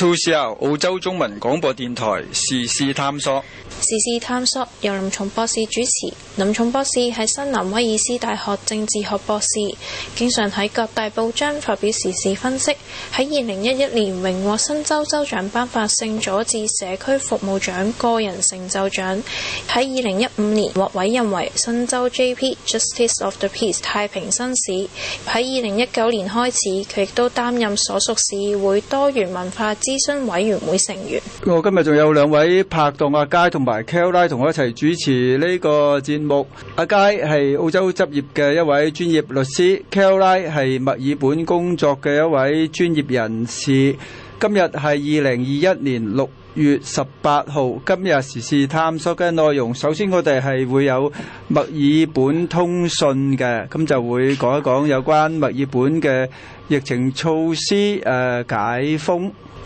To s 澳洲中文廣播電台，時事探索。時事探索由林聰博士主持。林聰博士係新南威爾斯大學政治學博士，經常喺各大報章發表時事分析。喺二零一一年榮獲新州州長頒發聖佐治社區服務獎個人成就獎，喺二零一五年獲委任為新州 J.P. Justice of the Peace 太平紳士。喺二零一九年開始，佢亦都擔任所屬市議會多元文化諮詢委員會成員，我今日仲有兩位拍檔阿佳同埋。Kel 拉同我一齊主持呢個節目，阿佳係澳洲執業嘅一位專業律師，Kel 拉係墨爾本工作嘅一位專業人士。今日係二零二一年六月十八號，今日時事探索嘅內容，首先我哋係會有墨爾本通訊嘅，咁就會講一講有關墨爾本嘅疫情措施誒解封。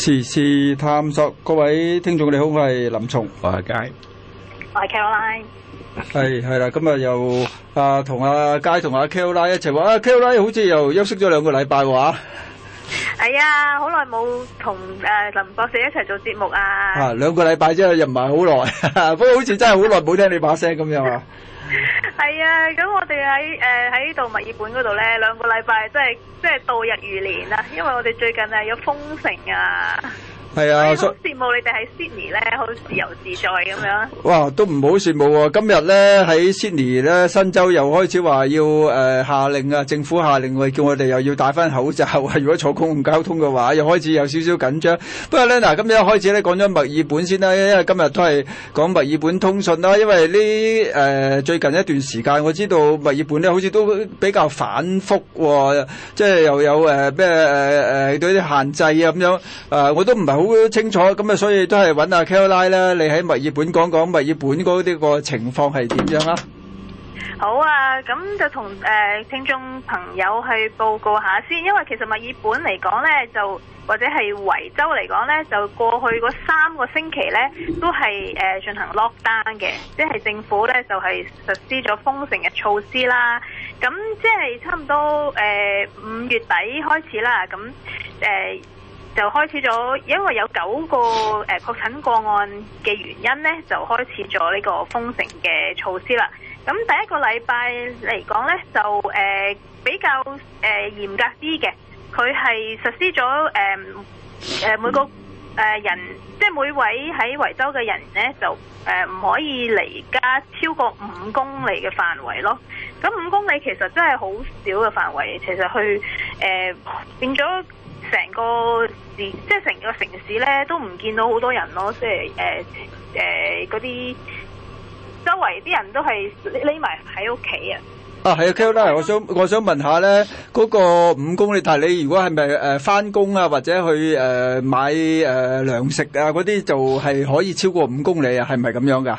時事探索，各位聽眾你好，我係林松，我係佳，我係 Caroline，係係啦，今日又啊同阿佳同阿 Caroline 一齊話，啊 Caroline 好似又休息咗兩個禮拜喎吓，係啊，好耐冇同誒林博士一齊做節目啊，啊兩個禮拜啫，又唔係好耐，不過好似真係好耐冇聽你把聲咁樣啊。係 啊，咁我哋喺誒喺度墨爾本嗰度咧，兩、呃、個禮拜即係即係度日如年啦，因為我哋最近啊有封城啊。係啊，好羨慕你哋喺 Sydney 咧，好自由自在咁樣。哇，都唔好羨慕喎，哦。今日咧喺 Sydney 咧，新州又開始話要誒，呃，下令啊，政府下令我叫我哋又要戴翻口罩啊。如果坐公共交通嘅話，又開始有少少緊張。不過咧，嗱，今日一開始咧，講咗墨爾本先啦，因為今日都係講墨爾本通訊啦。因為呢誒，呃，最近一段時間，我知道墨爾本咧，好似都比較反覆、哦，即係又有誒咩誒誒對啲限制啊咁樣。誒，呃，我都唔係。好清楚咁啊，所以都係揾阿 Kelley 啦。你喺墨爾本講講墨爾本嗰啲個情況係點樣啊？好啊，咁就同誒聽眾朋友去報告下先。因為其實墨爾本嚟講呢，就或者係維州嚟講呢，就過去嗰三個星期呢都係誒進行 lockdown 嘅，即係政府呢就係實施咗封城嘅措施啦。咁即係差唔多誒五月底開始啦。咁誒。就開始咗，因為有九個誒確診個案嘅原因咧，就開始咗呢個封城嘅措施啦。咁第一個禮拜嚟講咧，就誒、呃、比較誒、呃、嚴格啲嘅，佢係實施咗誒誒每個誒人，即係每位喺維州嘅人咧，就誒唔、呃、可以離家超過五公里嘅範圍咯。咁五公里其實真係好少嘅範圍，其實佢誒、呃、變咗。成個市，即係成個城市咧，都唔見到好多人咯。即係誒誒，嗰啲周圍啲人都係匿埋喺屋企啊！啊，係啊，Kola，我想我想問下咧，嗰個五公里，但你如果係咪誒翻工啊，或者去誒買誒糧食啊嗰啲，就係可以超過五公里啊？係咪咁樣噶？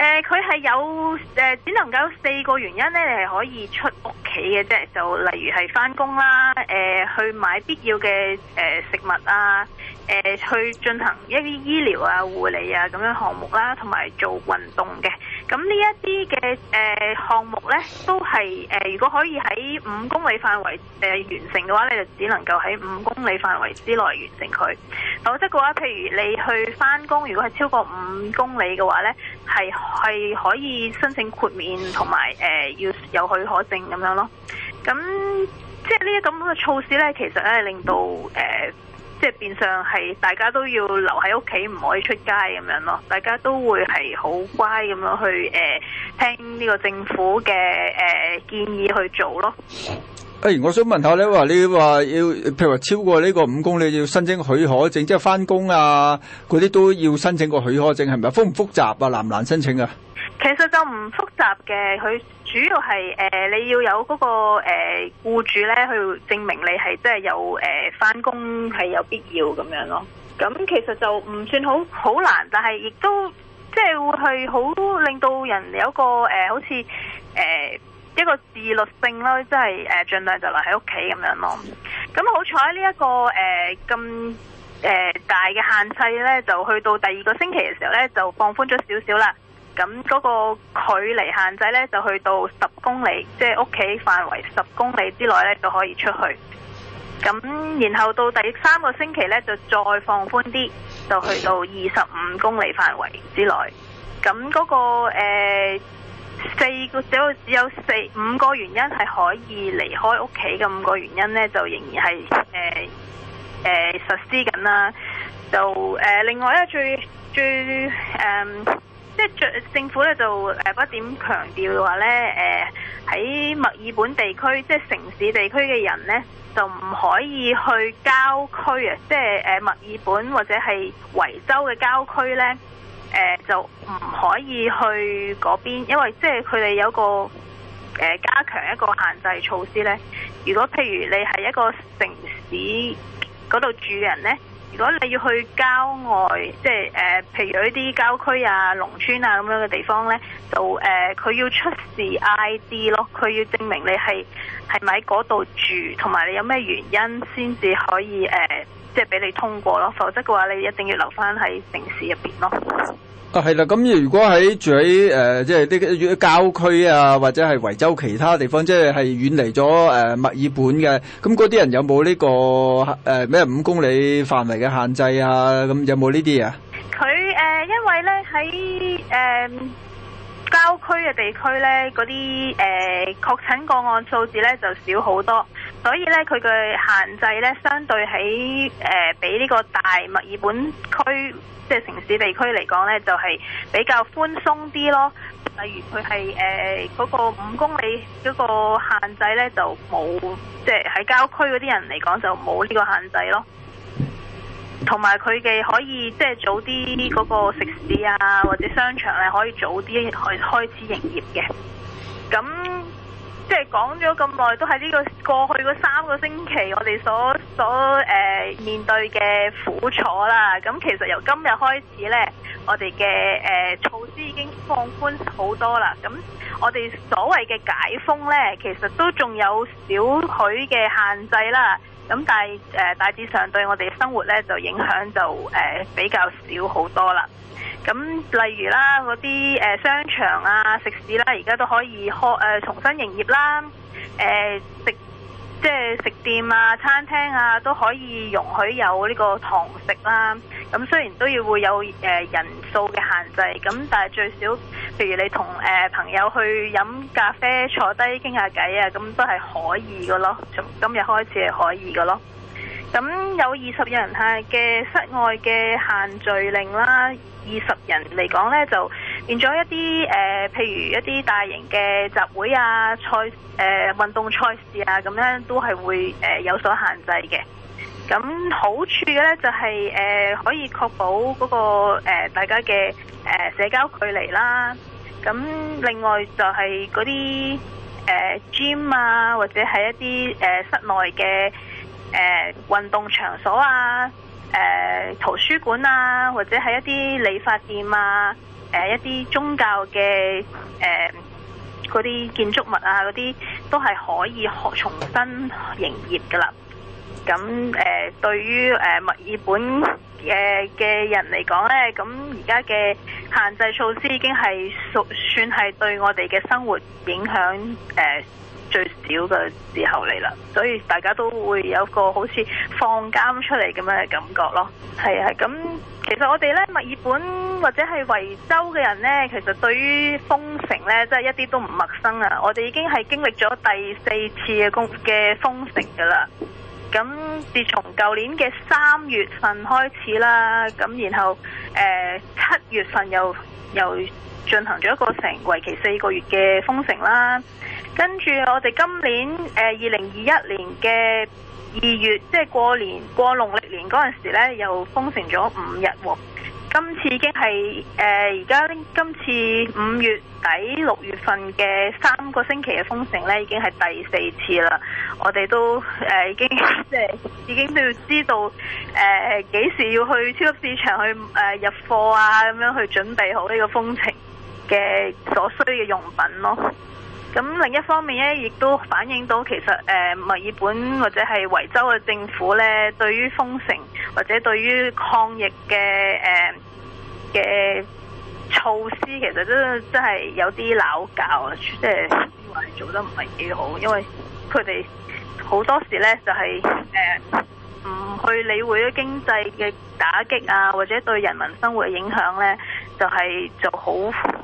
誒佢係有誒、呃，只能夠四個原因咧，你係可以出屋企嘅啫。就例如係翻工啦，誒、呃、去買必要嘅誒、呃、食物啊，誒、呃、去進行一啲醫療啊、護理啊咁樣的項目啦，同埋做運動嘅。咁呢一啲嘅誒項目呢，都係誒、呃、如果可以喺五公里範圍誒、呃、完成嘅話，你就只能夠喺五公里範圍之內完成佢。否則嘅話，譬如你去翻工，如果係超過五公里嘅話呢，係係可以申請豁免同埋誒要有許可證咁樣咯。咁即係呢啲咁樣嘅措施呢，其實咧令到誒。即係變相係，大家都要留喺屋企，唔可以出街咁樣咯。大家都會係好乖咁樣去誒，聽呢個政府嘅誒建議去做咯。誒、欸，我想問下你話你話要，譬如話超過呢個五公里要申請許可證，即係翻工啊，嗰啲都要申請個許可證，係咪啊？複唔複雜啊？難唔難申請啊？其實就唔複雜嘅，佢。主要係誒、呃、你要有嗰、那個誒、呃、僱主咧去證明你係即係有誒翻工係有必要咁樣咯。咁其實就唔算好好難，但係亦都即係會係好令到人有個誒、呃、好似誒、呃、一個自律性咯，即係誒盡量就留喺屋企咁樣咯。咁好彩呢一個誒咁誒大嘅限制咧，就去到第二個星期嘅時候咧，就放寬咗少少啦。咁嗰個距離限制呢，就去到十公里，即係屋企範圍十公里之內呢，就可以出去。咁然後到第三個星期呢，就再放寬啲，就去到二十五公里範圍之內。咁嗰、那個誒四、呃、個只有只有四五個原因係可以離開屋企嘅五個原因呢，就仍然係誒、呃呃、實施緊啦。就誒、呃、另外呢最最誒。嗯即係政府咧就誒不點強調嘅話咧誒，喺墨爾本地區，即係城市地區嘅人咧就唔可以去郊區啊！即係誒墨爾本或者係維州嘅郊區咧誒就唔可以去嗰邊，因為即係佢哋有一個誒加強一個限制措施咧。如果譬如你係一個城市嗰度住人咧。如果你要去郊外，即係誒，譬如一啲郊區啊、農村啊咁樣嘅地方咧，就誒，佢、呃、要出示 ID 咯，佢要證明你係係喺嗰度住，同埋你有咩原因先至可以誒。呃即係俾你通過咯，否則嘅話你一定要留返喺城市入邊咯。啊，係啦，咁如果喺住喺誒、呃，即係啲郊區啊，或者係維州其他地方，即係係遠離咗誒墨爾本嘅，咁嗰啲人有冇呢、這個誒咩五公里範圍嘅限制啊？咁有冇呢啲啊？佢誒、呃，因為咧喺誒郊區嘅地區咧，嗰啲誒確診個案數字咧就少好多。所以咧，佢嘅限制咧，相對喺誒、呃、比呢個大墨爾本區，即、就、係、是、城市地區嚟講咧，就係、是、比較寬鬆啲咯。例如佢係誒嗰個五公里嗰個限制咧，就冇即係喺郊區嗰啲人嚟講，就冇、是、呢個限制咯。同埋佢哋可以即係、就是、早啲嗰個食肆啊，或者商場咧，可以早啲去開始營業嘅。咁即係講咗咁耐，都係呢個過去嗰三個星期我哋所所誒、呃、面對嘅苦楚啦。咁、嗯、其實由今日開始呢，我哋嘅誒措施已經放寬好多啦。咁、嗯、我哋所謂嘅解封呢，其實都仲有少許嘅限制啦。咁、嗯、但係誒、呃、大致上對我哋生活呢，就影響就誒、呃、比較少好多啦。咁例如啦，嗰啲、呃、商場啊、食肆啦、啊，而家都可以、呃、重新營業啦。呃、食即係食店啊、餐廳啊，都可以容許有呢個堂食啦。咁雖然都要會有人數嘅限制，咁但係最少，譬如你同、呃、朋友去飲咖啡坐低傾下偈啊，咁都係可以㗎咯。從今日開始係可以㗎咯。咁有二十人客嘅室外嘅限聚令啦。二十人嚟講呢就變咗一啲誒、呃，譬如一啲大型嘅集會啊、賽誒、呃、運動賽事啊，咁樣都係會誒、呃、有所限制嘅。咁好處嘅呢就係、是、誒、呃、可以確保嗰、那個、呃、大家嘅誒、呃、社交距離啦。咁另外就係嗰啲誒 gym 啊，或者係一啲誒室內嘅誒運動場所啊。誒、呃，圖書館啊，或者係一啲理髮店啊，誒、呃，一啲宗教嘅誒，嗰、呃、啲建築物啊，嗰啲都係可以學重新營業噶啦。咁誒、呃，對於誒、呃、墨爾本嘅嘅人嚟講咧，咁而家嘅限制措施已經係屬算係對我哋嘅生活影響誒。呃最少嘅時候嚟啦，所以大家都會有個好似放監出嚟咁樣嘅感覺咯。係啊，咁其實我哋呢，墨爾本或者係維州嘅人呢，其實對於封城呢，真係一啲都唔陌生啊！我哋已經係經歷咗第四次嘅封嘅封城噶啦。咁自從舊年嘅三月份開始啦，咁然後誒七月份又又進行咗一個成為期四個月嘅封城啦。跟住我哋今年誒二零二一年嘅二月，即係過年過農曆年嗰陣時呢，又封城咗五日喎。今次已經係誒而家今次五月底六月份嘅三個星期嘅封城呢，已經係第四次啦。我哋都、呃、已經即係 已經都要知道呃、幾時要去超級市場去、呃、入貨啊，咁樣去準備好呢個封城嘅所需嘅用品咯。咁另一方面咧，亦都反映到其實誒墨爾本或者係維州嘅政府咧，對於封城或者對於抗疫嘅誒嘅措施，其實都真係有啲濫教啊，即係話係做得唔係幾好，因為佢哋好多時咧就係誒唔去理會的經濟嘅打擊啊，或者對人民生活嘅影響咧。就係就好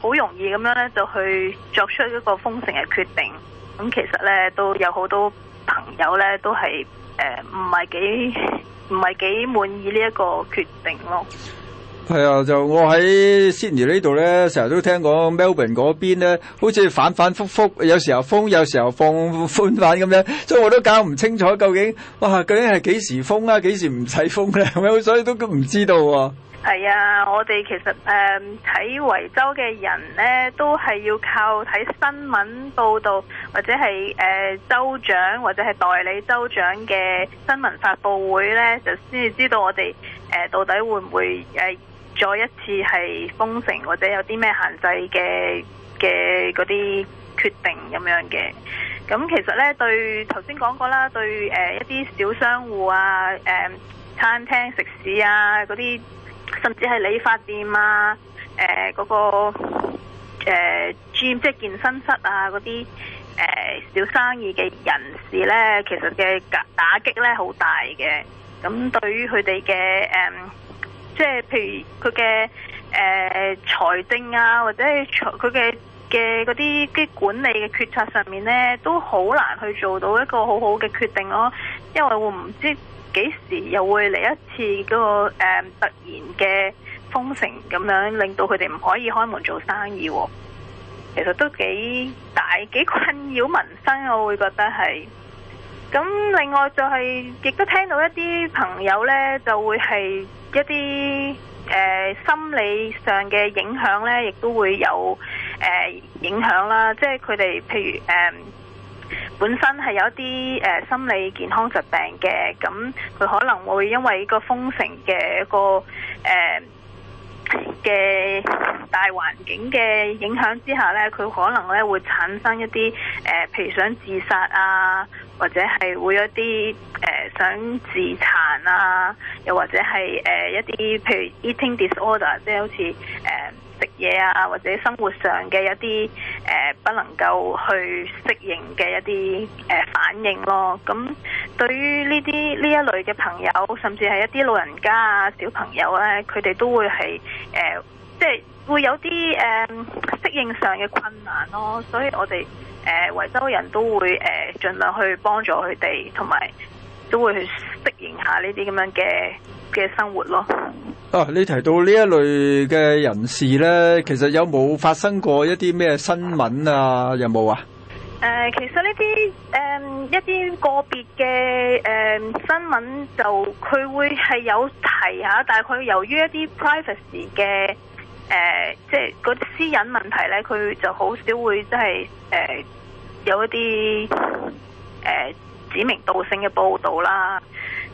好容易咁樣咧，就去作出一個封城嘅決定。咁其實咧都有好多朋友咧，都係誒唔係幾唔係幾滿意呢一個決定咯。係啊，就我喺 Sydney 呢度咧，成日都聽講 Melbourne 嗰邊咧，好似反反复复，有時候封，有時候放寬反咁樣，所以我都搞唔清楚究竟，哇，究竟係幾時封啊，幾時唔使封咧？咁 樣所以都都唔知道啊。係啊，我哋其實誒睇維州嘅人呢，都係要靠睇新聞報道，或者係誒、呃、州長或者係代理州長嘅新聞發佈會呢，就先至知道我哋誒、呃、到底會唔會誒、呃、再一次係封城或者有啲咩限制嘅嘅嗰啲決定咁樣嘅。咁其實呢，對頭先講過啦，對誒、呃、一啲小商戶啊、誒、呃、餐廳食肆啊嗰啲。甚至係理髮店啊，誒、呃、嗰、那個誒 gym 即係健身室啊嗰啲誒小生意嘅人士咧，其實嘅打打擊咧好大嘅。咁對於佢哋嘅誒，即、呃、係、就是、譬如佢嘅誒財政啊，或者係財佢嘅嘅啲啲管理嘅決策上面咧，都好難去做到一個好好嘅決定咯，因為我會唔知。幾時又會嚟一次嗰個誒突然嘅封城咁樣，令到佢哋唔可以開門做生意喎，其實都幾大幾困擾民生，我會覺得係。咁另外就係亦都聽到一啲朋友呢，就會係一啲誒心理上嘅影響呢，亦都會有誒影響啦。即係佢哋譬如誒。本身係有啲誒、呃、心理健康疾病嘅，咁佢可能會因為個封城嘅一個誒嘅、呃、大環境嘅影響之下呢，佢可能呢會產生一啲誒、呃，譬如想自殺啊，或者係會有一啲誒、呃、想自殘啊，又或者係誒、呃、一啲譬如 eating disorder，即係好似誒。呃食嘢啊，或者生活上嘅一啲誒、呃，不能夠去適應嘅一啲誒、呃，反應咯。咁對於呢啲呢一類嘅朋友，甚至係一啲老人家啊、小朋友咧，佢哋都會係誒，即、呃、係、就是、會有啲誒適應上嘅困難咯。所以我哋誒維州人都會誒盡、呃、量去幫助佢哋，同埋都會去適應一下呢啲咁樣嘅。嘅生活咯。啊，你提到呢一類嘅人士呢，其實有冇發生過一啲咩新聞啊？有冇啊？誒、呃，其實呢啲誒一啲個別嘅誒新聞，呃，就佢會係有提下。但係佢由於一啲 privacy 嘅誒，即係嗰啲私隱問題呢，佢就好少會即係誒有一啲誒、呃、指名道姓嘅報道啦。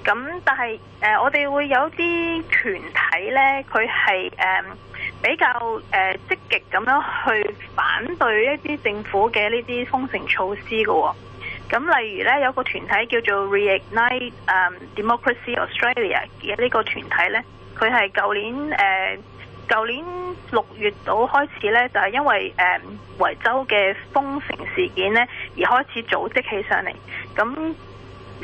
咁但係誒、呃，我哋會有啲團體呢，佢係誒比較誒、呃、積極咁樣去反對一啲政府嘅呢啲封城措施嘅、哦。咁例如呢，有個團體叫做 Reignite、呃、Democracy Australia 嘅呢個團體呢，佢係舊年誒舊、呃、年六月度開始呢，就係、是、因為誒、呃、維州嘅封城事件呢，而開始組織起來上嚟。咁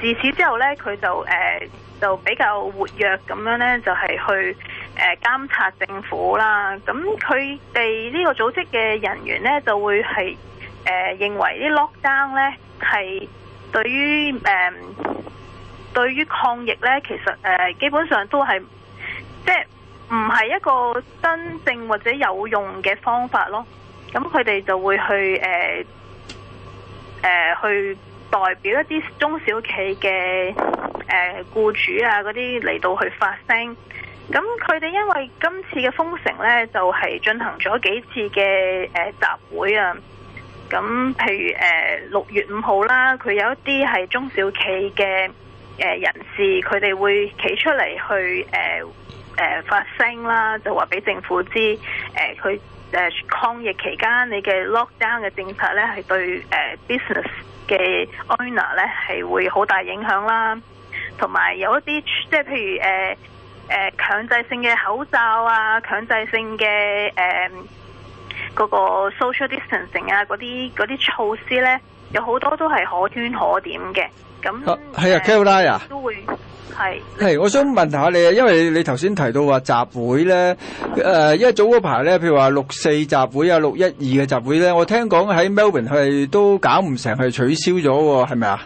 自此之後咧，佢就誒、呃、就比較活躍咁樣咧，就係、是、去誒、呃、監察政府啦。咁佢哋呢個組織嘅人員咧，就會係誒、呃、認為啲 lockdown 咧係對於誒、呃、對於抗疫咧，其實誒、呃、基本上都係即係唔係一個真正或者有用嘅方法咯。咁佢哋就會去誒誒、呃呃、去。代表一啲中小企嘅誒僱主啊，嗰啲嚟到去發聲，咁佢哋因為今次嘅封城咧，就係進行咗幾次嘅誒集會啊，咁譬如誒六月五號啦，佢有一啲係中小企嘅誒人士，佢哋會企出嚟去誒誒發聲啦，就話俾政府知誒佢。誒抗疫期間，你嘅 lockdown 嘅政策咧，係對、呃、business 嘅 owner 咧，係會好大影響啦。同埋有，有一啲，即係譬如誒、呃呃、強制性嘅口罩啊，強制性嘅誒嗰個 social distancing 啊，嗰啲嗰啲措施咧，有好多都係可圈可點嘅。咁係啊，Carolina、啊啊、都會。係，係是，我想問下你，啊，因為你頭先提到話集會咧，誒、呃，因為早嗰排咧，譬如話六四集會啊，六一二嘅集會咧，我聽講喺 Melbourne 係都搞唔成，係取消咗，係咪啊？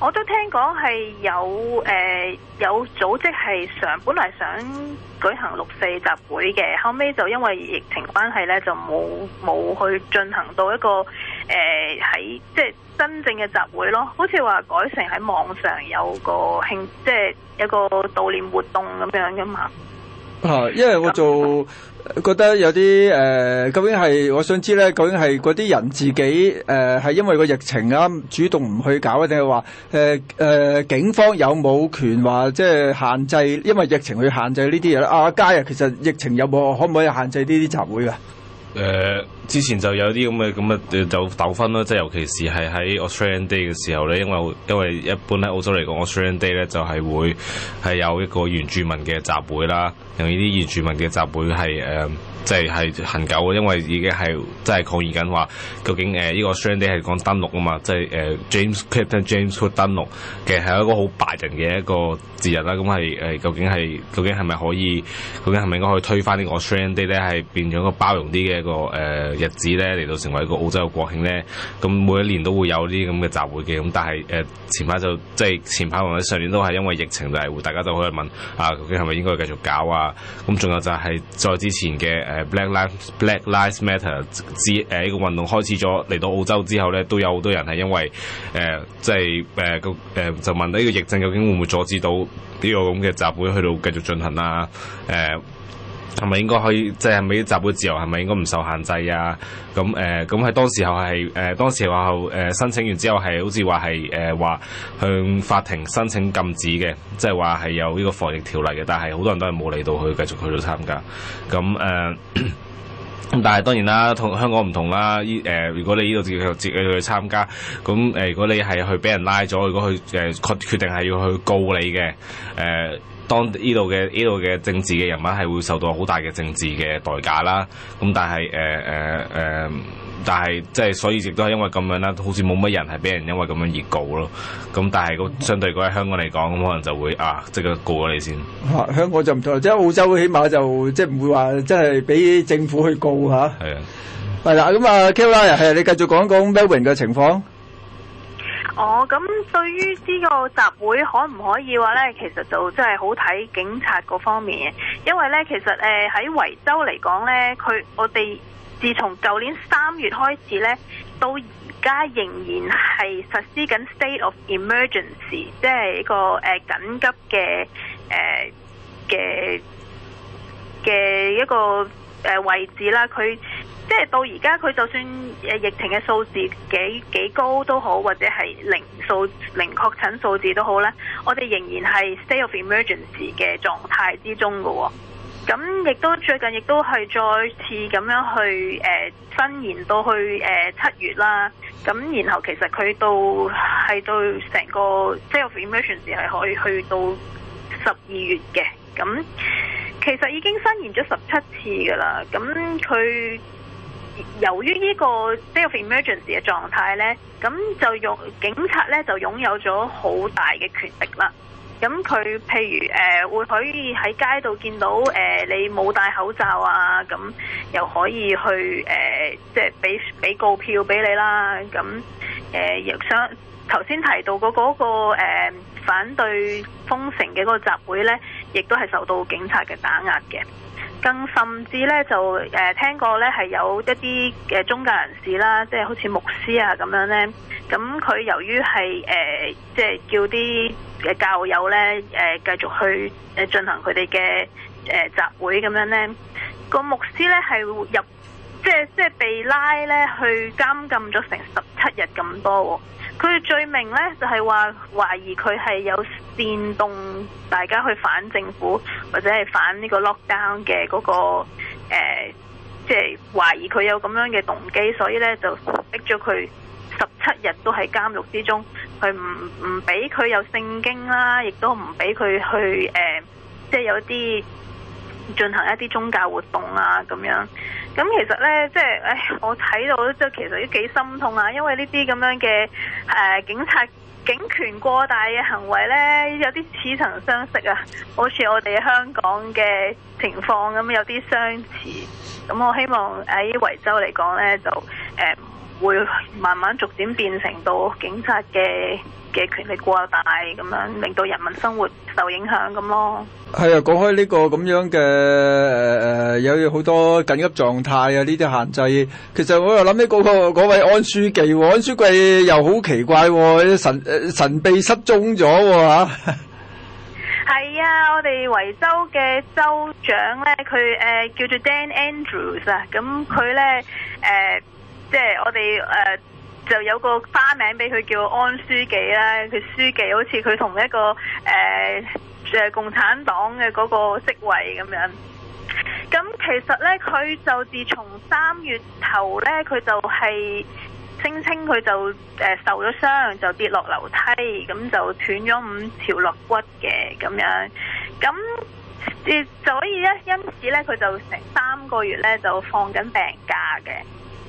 我都聽講係有誒、呃、有組織係想本來想舉行六四集會嘅，後尾就因為疫情關係咧，就冇冇去進行到一個誒喺、呃、即係。真正嘅集會咯，好似話改成喺網上有個慶，即係一個悼念活動咁樣噶嘛。啊，因為我做覺得有啲誒、呃，究竟係我想知咧，究竟係嗰啲人自己誒，係、呃、因為個疫情啊，主動唔去搞，定係話誒誒，警方有冇權話即係限制？因為疫情去限制呢啲嘢咧。阿佳啊家人，其實疫情有冇可唔可以限制呢啲集會噶、啊？誒、呃。之前就有啲咁嘅咁嘅就糾紛咯，即係尤其是係喺 Australia Day 嘅時候咧，因為因為一般喺澳洲嚟講，Australia Day 咧就係會係有一個原住民嘅集會啦，由呢啲原住民嘅集會係誒即係係恒久嘅，因為已經係即係抗議緊話，究竟誒呢、呃這個 Australia Day 係講登陸啊嘛，即係誒、呃、James Captain James Cook 登陸嘅係一個好白人嘅一個節日啦，咁係誒究竟係究竟係咪可以，究竟係咪應該可以推翻個呢個 Australia Day 咧，係變咗一個包容啲嘅一個誒？呃日子咧嚟到成為一個澳洲嘅國慶咧，咁每一年都會有啲咁嘅集會嘅，咁但係、呃、前排就即係前排或者上年都係因為疫情就係，大家就可以問啊究竟係咪應該繼續搞啊？咁仲有就係再之前嘅 Black Lives Black Lives Matter 之呢個運動開始咗嚟到澳洲之後咧，都有好多人係因為即係、呃個呃、就問呢個疫症究竟會唔會阻止到呢個咁嘅集會去到繼續進行啦、啊？呃」係咪應該可以？即係咪集會自由係咪應該唔受限制啊？咁、嗯、誒，咁、呃、喺當時候係誒、呃，當時候誒、呃、申請完之後係好似話係誒話向法庭申請禁止嘅，即係話係有呢個防疫條例嘅。但係好多人都係冇嚟到去繼續去到參加。咁誒咁，但係當然啦，同香港唔同啦、呃。如果你呢度自己去參加，咁、呃、如果你係去俾人拉咗，如果佢決定係要去告你嘅誒。呃當呢度嘅呢度嘅政治嘅人物係會受到好大嘅政治嘅代價啦。咁但係誒誒誒，但係即係所以亦都係因為咁樣啦，好似冇乜人係俾人因為咁樣而告咯。咁但係嗰相對於喺香港嚟講，咁可能就會啊即刻告咗你先、啊。香港就唔同，即係澳洲起碼就即係唔會話即係俾政府去告嚇。係啊，係啦的，咁啊 Kella 係你繼續講一講 Melbourne 嘅情況。哦，咁、oh, 對於呢個集會可唔可以話呢？其實就真係好睇警察嗰方面嘅，因為呢，其實誒喺、呃、維州嚟講呢，佢我哋自從舊年三月開始呢，到而家仍然係實施緊 state of emergency，即係一個誒緊急嘅嘅嘅一個。呃誒位置啦，佢即係到而家佢就算誒疫情嘅數字幾幾高都好，或者係零數零確診數字都好咧，我哋仍然係 state of emergency 嘅狀態之中嘅喎、哦。咁亦都最近亦都係再次咁樣去誒伸延到去誒、呃、七月啦。咁然後其實佢到係到成個 state of emergency 係可以去到十二月嘅咁。其實已經伸延咗十七次噶啦，咁佢由於依個 of emergency 嘅狀態呢，咁就用警察呢就擁有咗好大嘅權力啦。咁佢譬如誒、呃、會可以喺街度見到誒、呃、你冇戴口罩啊，咁又可以去誒即係畀俾告票畀你啦。咁誒想頭先提到嗰嗰、嗰個、呃、反對封城嘅嗰個集會呢。亦都係受到警察嘅打壓嘅，更甚至咧就誒、呃、聽過咧係有一啲嘅宗教人士啦，即係好似牧師啊咁樣咧，咁佢由於係誒、呃、即係叫啲嘅教友咧誒、呃、繼續去誒進行佢哋嘅誒集會咁樣咧，個牧師咧係入即係即係被拉咧去監禁咗成十七日咁多。佢嘅罪名咧，就係話懷疑佢係有煽動大家去反政府，或者係反呢個 lockdown 嘅嗰、那個誒，即係懷疑佢有咁樣嘅動機，所以咧就逼咗佢十七日都喺監獄之中，佢唔唔俾佢有聖經啦，亦都唔俾佢去誒，即、呃、係、就是、有啲進行一啲宗教活動啊咁樣。咁其實呢，即、就、係、是，誒，我睇到即係其實都幾心痛啊，因為呢啲咁樣嘅誒、呃、警察警權過大嘅行為呢，有啲似曾相識啊，好似我哋香港嘅情況咁有啲相似。咁我希望喺維州嚟講呢，就誒。嗯會慢慢逐點變成到警察嘅嘅權力過大咁樣，令到人民生活受影響咁咯。係啊，講開呢個咁樣嘅誒誒，有好多緊急狀態啊，呢啲限制。其實我又諗起嗰個嗰位安書記，安書記又好奇怪，神誒神秘失蹤咗吓。係啊，我哋維州嘅州長咧，佢誒叫做 Dan Andrews 啊，咁佢咧誒。即係我哋誒就有個花名俾佢叫安書記咧，佢書記好似佢同一個誒誒共產黨嘅嗰個職位咁樣。咁其實咧，佢就自從三月頭咧，佢就係聲稱佢就誒受咗傷，就跌落樓梯，咁就斷咗五條肋骨嘅咁樣。咁所以咧，因此咧，佢就成三個月咧就放緊病假嘅。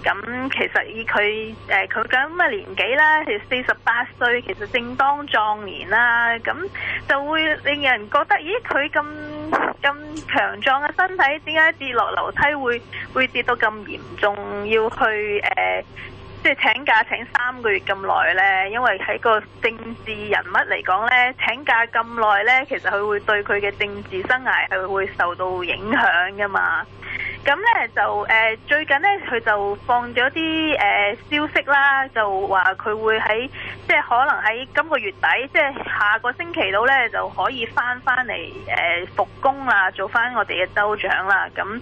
咁其實以佢誒佢咁嘅年紀啦，其實四十八歲，其實正當壯年啦，咁就會令人覺得，咦，佢咁咁強壯嘅身體，點解跌落樓梯會會跌到咁嚴重，要去誒？呃即係請假請三個月咁耐咧，因為喺個政治人物嚟講咧，請假咁耐咧，其實佢會對佢嘅政治生涯係會受到影響噶嘛。咁咧就誒最近咧佢就放咗啲誒消息啦，就話佢會喺即係可能喺今個月底，即係下個星期到咧就可以翻翻嚟誒復工啦，做翻我哋嘅州長啦。咁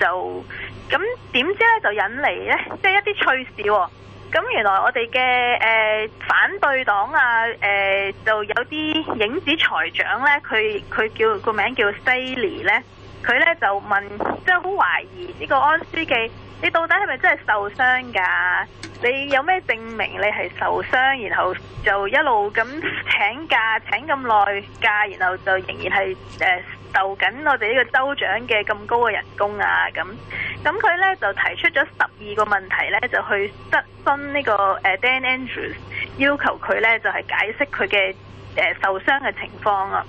就咁點知咧就引嚟咧，即係一啲趣事喎。咁原來我哋嘅誒反對黨啊誒就有啲影子財長咧，佢佢叫個名叫 Sally 咧，佢咧就問，即係好懷疑呢個安司記，你到底係咪真係受傷㗎？你有咩證明你係受傷？然後就一路咁請假請咁耐假，然後就仍然係誒。斗緊我哋呢個州長嘅咁高嘅人工啊，咁咁佢咧就提出咗十二個問題咧，就去質詢呢個誒 Dan Andrews，要求佢咧就係、是、解釋佢嘅誒受傷嘅情況啊。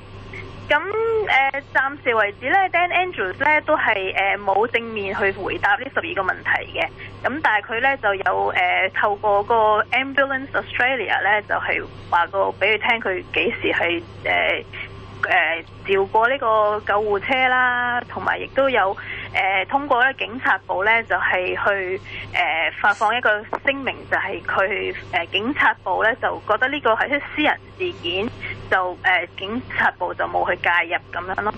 咁誒暫時為止咧 ，Dan Andrews 咧都係誒冇正面去回答呢十二個問題嘅。咁但係佢咧就有誒、呃、透過個 Ambulance Australia 咧就係話個俾佢聽佢幾時去。誒、呃。誒、呃、調過呢個救護車啦，同埋亦都有誒、呃、通過咧警察部咧，就係、是、去誒、呃、發放一個聲明，就係佢誒警察部咧就覺得呢個係一私人事件，就誒、呃、警察部就冇去介入咁樣咯。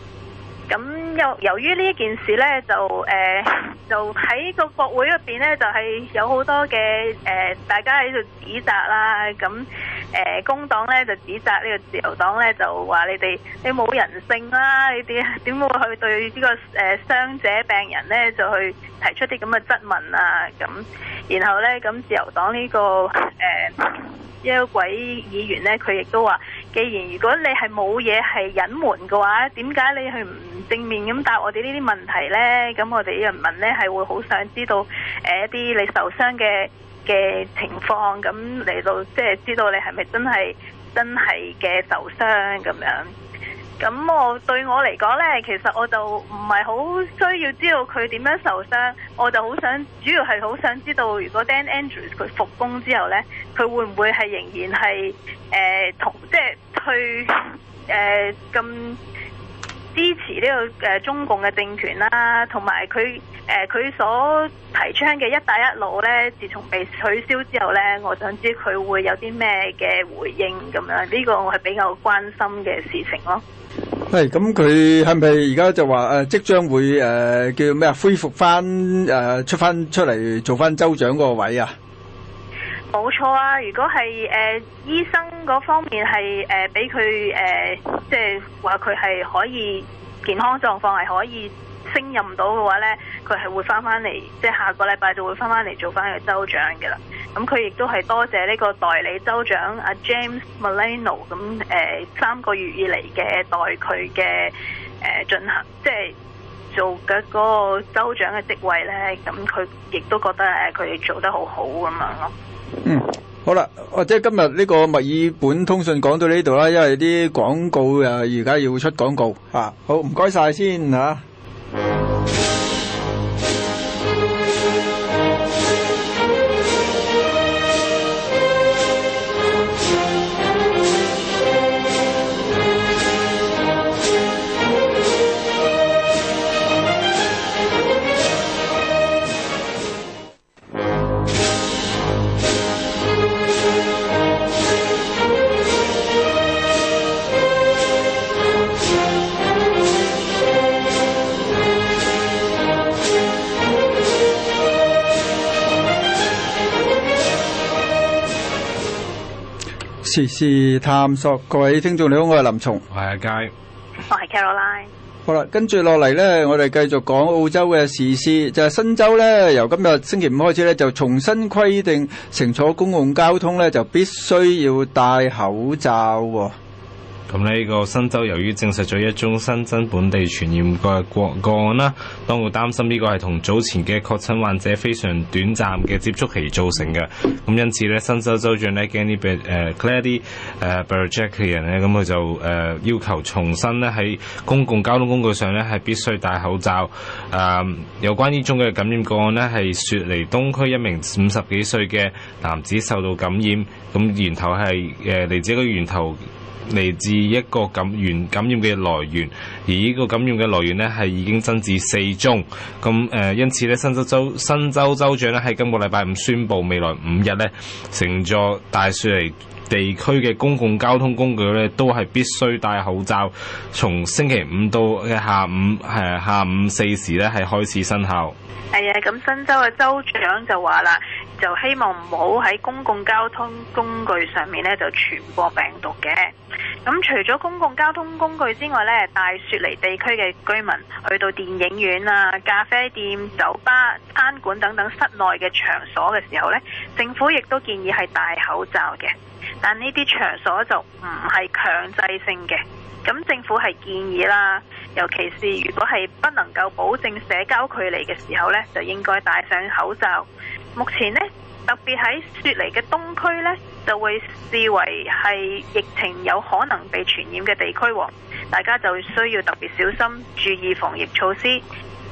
咁由由於呢件事咧，就誒、呃、就喺個國會入邊咧，就係、是、有好多嘅誒、呃、大家喺度指責啦咁。誒、呃、工黨咧就指責呢個自由黨咧就話你哋你冇人性啦、啊、你哋，點會去對呢、呢個誒、呃、傷者病人咧就去提出啲咁嘅質問啊咁，然後咧咁自由黨呢、呢個誒一、呃呢個、鬼議員咧佢亦都話，既然如果你係冇嘢係隱瞞嘅話，點解你去唔正面咁答我哋呢啲問題咧？咁我哋人民咧係會好想知道一啲你受傷嘅。嘅情況咁嚟到，即係知道你係咪真係真係嘅受傷咁樣？咁我對我嚟講呢，其實我就唔係好需要知道佢點樣受傷，我就好想主要係好想知道，如果 Dan Andrews 佢復工之後呢，佢會唔會係仍然係同即係去誒咁？呃支持呢、這個誒、呃、中共嘅政權啦、啊，同埋佢誒佢所提倡嘅一帶一路咧，自從被取消之後咧，我想知佢會有啲咩嘅回應咁樣？呢、這個我係比較關心嘅事情咯。係咁，佢係咪而家就話誒即將會誒、呃、叫咩啊？恢復翻誒出翻出嚟做翻州長嗰個位啊？冇錯啊！如果係誒、呃、醫生嗰方面係誒俾佢誒即係話佢係可以健康狀況係可以升任到嘅話咧，佢係會翻翻嚟，即係下個禮拜就會翻翻嚟做翻嘅州長嘅啦。咁佢亦都係多謝呢個代理州長阿 James Merlino 咁、呃、誒三個月以嚟嘅代佢嘅誒進行即係。就是做嘅嗰個州長嘅職位呢，咁佢亦都覺得誒，佢哋做得好好咁樣咯。嗯，好啦，或者今日呢個墨爾本通訊講到呢度啦，因為啲廣告誒，而家要出廣告吓，好唔該晒先吓。時事探索，各位聽眾你好，我係林松，我係阿佳，我係 Caroline。好啦，跟住落嚟咧，我哋繼續講澳洲嘅時事。就係新州咧，由今日星期五開始咧，就重新規定乘坐公共交通咧，就必須要戴口罩喎、哦。咁呢個新州由於證實咗一宗新增本地傳染嘅個個案啦，當局擔心呢個係同早前嘅確診患者非常短暫嘅接觸期造成嘅。咁因此咧，新州州長咧驚啲俾誒 Clary 啲 Berejiklian 嘅人咧，咁佢、 uh, uh, 就誒、uh, 要求重新咧喺公共交通工具上咧係必須戴口罩。誒、uh, 有關呢宗嘅感染個案咧，係雪梨東區一名五十幾歲嘅男子受到感染，咁源頭係誒嚟自一個源頭。嚟自一個感源感染嘅來源，而呢個感染嘅來源呢係已經增至四宗。咁誒，因此呢，新州州新州州長呢喺今個禮拜五宣布未來五日呢乘坐大雪嚟。地區嘅公共交通工具咧，都係必須戴口罩。從星期五到嘅下午，誒下午四時咧，係開始生效。係啊，咁新州嘅州長就話啦，就希望唔好喺公共交通工具上面咧，就傳播病毒嘅。咁除咗公共交通工具之外咧，大雪梨地區嘅居民去到電影院啊、咖啡店、酒吧、餐館等等室內嘅場所嘅時候咧，政府亦都建議係戴口罩嘅。但呢啲場所就唔係強制性嘅，咁政府係建議啦，尤其是如果係不能夠保證社交距離嘅時候呢，就應該戴上口罩。目前呢，特別喺雪梨嘅東區呢，就會視為係疫情有可能被傳染嘅地區喎，大家就需要特別小心，注意防疫措施。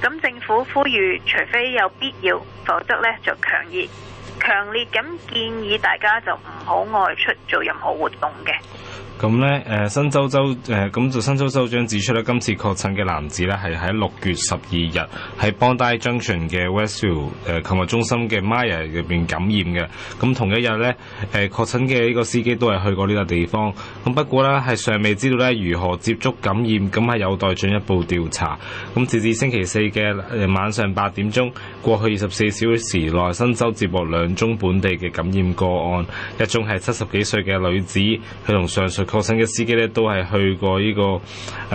咁政府呼籲，除非有必要，否則呢就強烈。強烈咁建議大家就唔好外出做任何活動嘅。咁咧、呃，新州州咁、呃、就新州州長指出咧，今次確診嘅男子咧係喺六月十二日喺 Bondi Junction 嘅 Westview 誒、呃、購物中心嘅 Myer 入邊感染嘅。咁同一日咧，誒、呃、確診嘅呢個司機都係去過呢個地方。咁不過咧，係尚未知道咧如何接觸感染，咁係有待進一步調查。咁截至星期四嘅晚上八點鐘，過去二十四小時內，新州接獲兩宗本地嘅感染個案，一宗係七十幾歲嘅女子，佢同上述。確診嘅司機咧都係去過呢、這個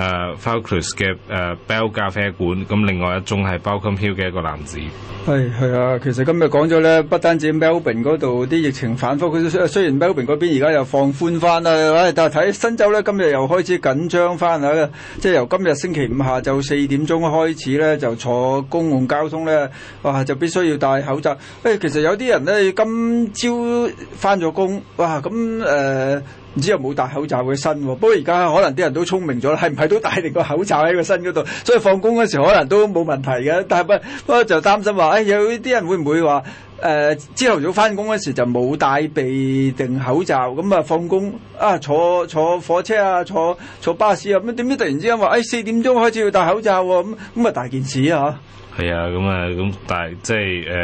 誒 Vaucluse 嘅誒 Bell 咖啡館，咁另外一宗係 Baulkham Hills 嘅一個男子。係係啊，其實今日講咗咧，不單止 Melbourne 嗰度啲疫情反覆，雖然 Melbourne 嗰邊而家又放寬翻啦、哎，但係睇新州咧，今日又開始緊張翻啦、哎。即係由今日星期五下晝四點鐘開始咧，就坐公共交通咧，哇就必須要戴口罩。誒、哎，其實有啲人咧今朝翻咗工，哇咁誒。唔知有冇戴口罩嘅身，不過而家可能啲人都聰明咗啦，係唔係都戴定個口罩喺個身嗰度？所以放工嗰時候可能都冇問題嘅，但係唔不過就擔心話，誒、哎、有啲人會唔會話誒，朝、呃、頭早返工嗰時候就冇戴備定口罩，咁啊放工啊坐坐火車啊，坐坐巴士啊，咁點知突然之間話誒四點鐘開始要戴口罩咁咁啊那大件事啊！係啊，咁啊，咁但係即係誒，咁、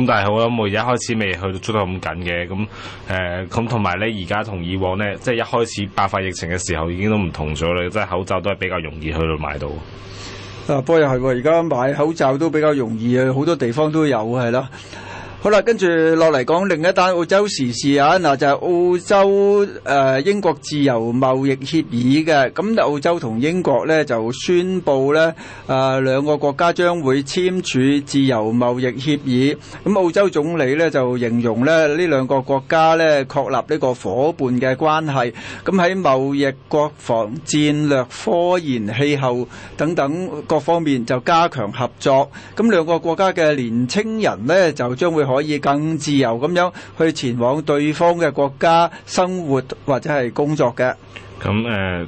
呃、但係好諗，我而家開始未去到捉得咁緊嘅，咁誒，咁同埋咧，而家同以往咧，即係一開始爆發疫情嘅時候已經都唔同咗啦，即係口罩都係比較容易去到買到。啊，不過又係喎，而家買口罩都比較容易啊，好多地方都有，係啦。好啦，跟住落嚟講另一單澳洲時事啊！嗱，就係澳洲誒、呃、英國自由貿易協議嘅，咁澳洲同英國咧就宣布咧誒兩個國家將會簽署自由貿易協議。咁澳洲總理咧就形容咧呢兩個國家咧確立呢個伙伴嘅關係，咁喺貿易、國防、戰略、科研、氣候等等各方面就加強合作。咁兩個國家嘅年青人咧就將會可以更自由咁樣去前往對方嘅國家生活或者係工作嘅。咁、uh,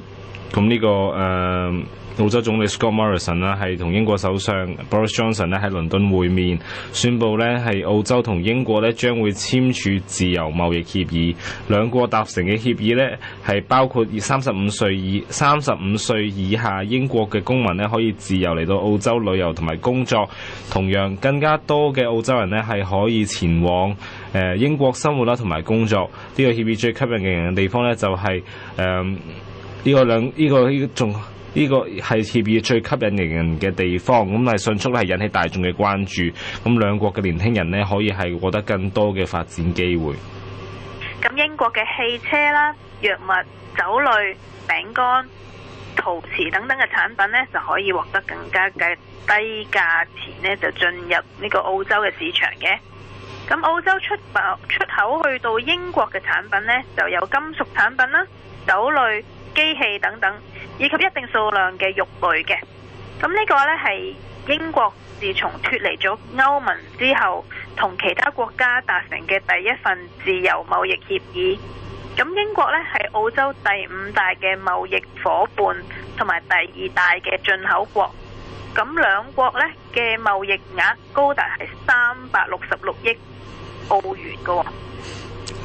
誒、這個，咁呢個誒。澳洲總理 Scott Morrison 啦，係同英國首相 Boris Johnson 咧喺倫敦會面，宣佈咧係澳洲同英國咧將會簽署自由貿易協議。兩國達成嘅協議咧係包括三十五歲以三十五歲以下英國嘅公民咧可以自由嚟到澳洲旅遊同埋工作。同樣更加多嘅澳洲人咧係可以前往誒英國生活啦，同埋工作。呢、這個協議最吸引嘅人嘅地方咧就係誒呢個兩呢、這個仲。這個這個這個呢個係協議最吸引人嘅地方，咁係迅速咧，係引起大眾嘅關注。咁兩國嘅年輕人呢，可以係獲得更多嘅發展機會。咁英國嘅汽車啦、藥物、酒類、餅乾、陶瓷等等嘅產品呢，就可以獲得更加嘅低價錢呢，就進入呢個澳洲嘅市場嘅。咁澳洲出埠出口去到英國嘅產品呢，就有金屬產品啦、酒類。機器等等，以及一定數量嘅肉類嘅。咁呢個呢，係英國自從脫離咗歐盟之後，同其他國家達成嘅第一份自由貿易協議。咁英國呢，係澳洲第五大嘅貿易伙伴，同埋第二大嘅進口國。咁兩國呢嘅貿易額高達係三百六十六億澳元噶喎。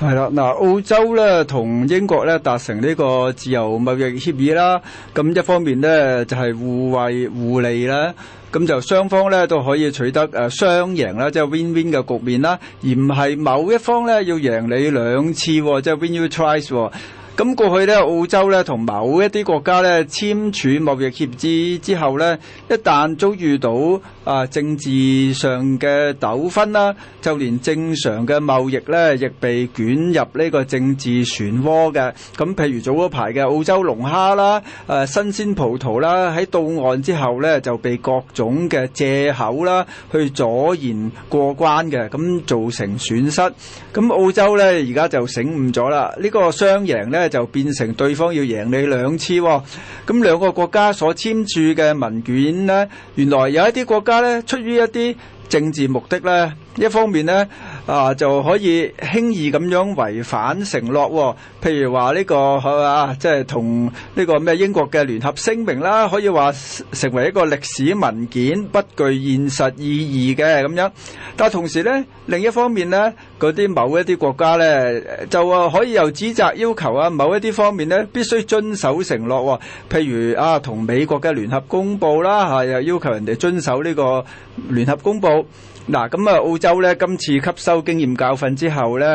係啦，嗱、啊，澳洲咧同英國咧達成呢個自由貿易協議啦，咁一方面咧就係、是、互惠互利啦，咁就雙方咧都可以取得誒雙贏啦，即、就、係、是、win-win 嘅局面啦，而唔係某一方咧要贏你兩次即、哦、係、就是、win you twice 喎、哦。咁過去咧，澳洲咧同某一啲國家咧簽署貿易協議之後咧，一旦遭遇到啊政治上嘅糾紛啦，就連正常嘅貿易咧亦被捲入呢個政治漩渦嘅。咁譬如早嗰排嘅澳洲龍蝦啦、誒、啊、新鮮葡萄啦，喺到岸之後咧就被各種嘅借口啦去阻延過關嘅，咁造成損失。咁澳洲咧而家就醒悟咗啦，呢個雙贏咧。就變成對方要贏你兩次喎，咁兩個國家所簽署嘅文件咧，原來有一啲國家咧，出於一啲政治目的咧。一方面呢，啊就可以輕易咁樣違反承諾，哦，譬如話呢、呢個即係、啊即係、同呢個咩英國嘅聯合聲明啦，可以話成為一個歷史文件，不具現實意義嘅咁樣。但同時呢，另一方面呢，嗰啲某一啲國家呢，就可以由指責要求啊，某一啲方面呢必須遵守承諾，哦，譬如啊，同美國嘅聯合公佈啦，啊，又要求人哋遵守呢個聯合公佈。嗱，咁啊，澳洲咧今次吸收經驗教訓之後咧，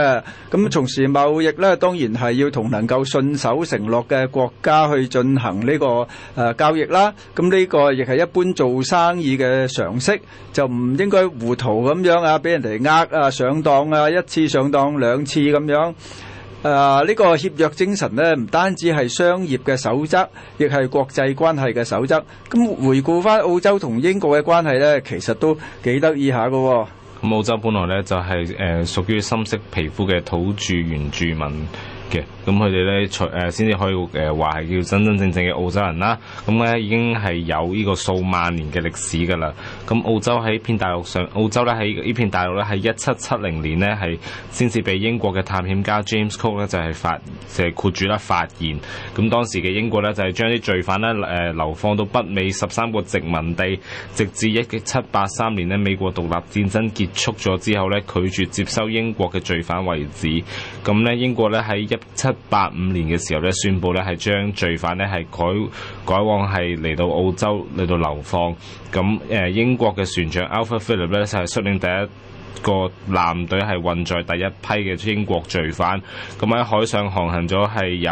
咁從事貿易咧，當然係要同能夠信守承諾嘅國家去進行呢個誒交易啦。咁呢個亦係一般做生意嘅常識，就唔應該糊塗咁樣啊，俾人哋呃啊，上當啊，一次上當，兩次咁樣。誒呢、啊這個協約精神咧，唔單止係商業嘅守則，亦係國際關係嘅守則。咁回顧翻澳洲同英國嘅關係咧，其實都幾得意下㗎。咁澳洲本來咧就係、是呃、屬於深色皮膚嘅土著原住民嘅。咁佢哋咧，先至可以誒話係叫真真正正嘅澳洲人啦。咁咧已經係有呢個數萬年嘅歷史㗎啦。咁澳洲喺片大陸上，澳洲咧喺呢片大陸咧，喺一七七零年呢，係先至被英國嘅探險家 James Cook 咧就係、是、發就係擴啦發現。咁當時嘅英國咧就係將啲罪犯咧、呃、流放到北美十三個殖民地，直至一七八三年呢，美國獨立戰爭結束咗之後咧拒絕接收英國嘅罪犯為止。咁咧英國咧喺一七八五年嘅時候咧，宣佈咧係將罪犯呢係改改往係嚟到澳洲嚟到流放。咁誒英國嘅船長 Alpha Phillip 咧就係、是、率領第一個艦隊係運載第一批嘅英國罪犯。咁喺海上航行咗係有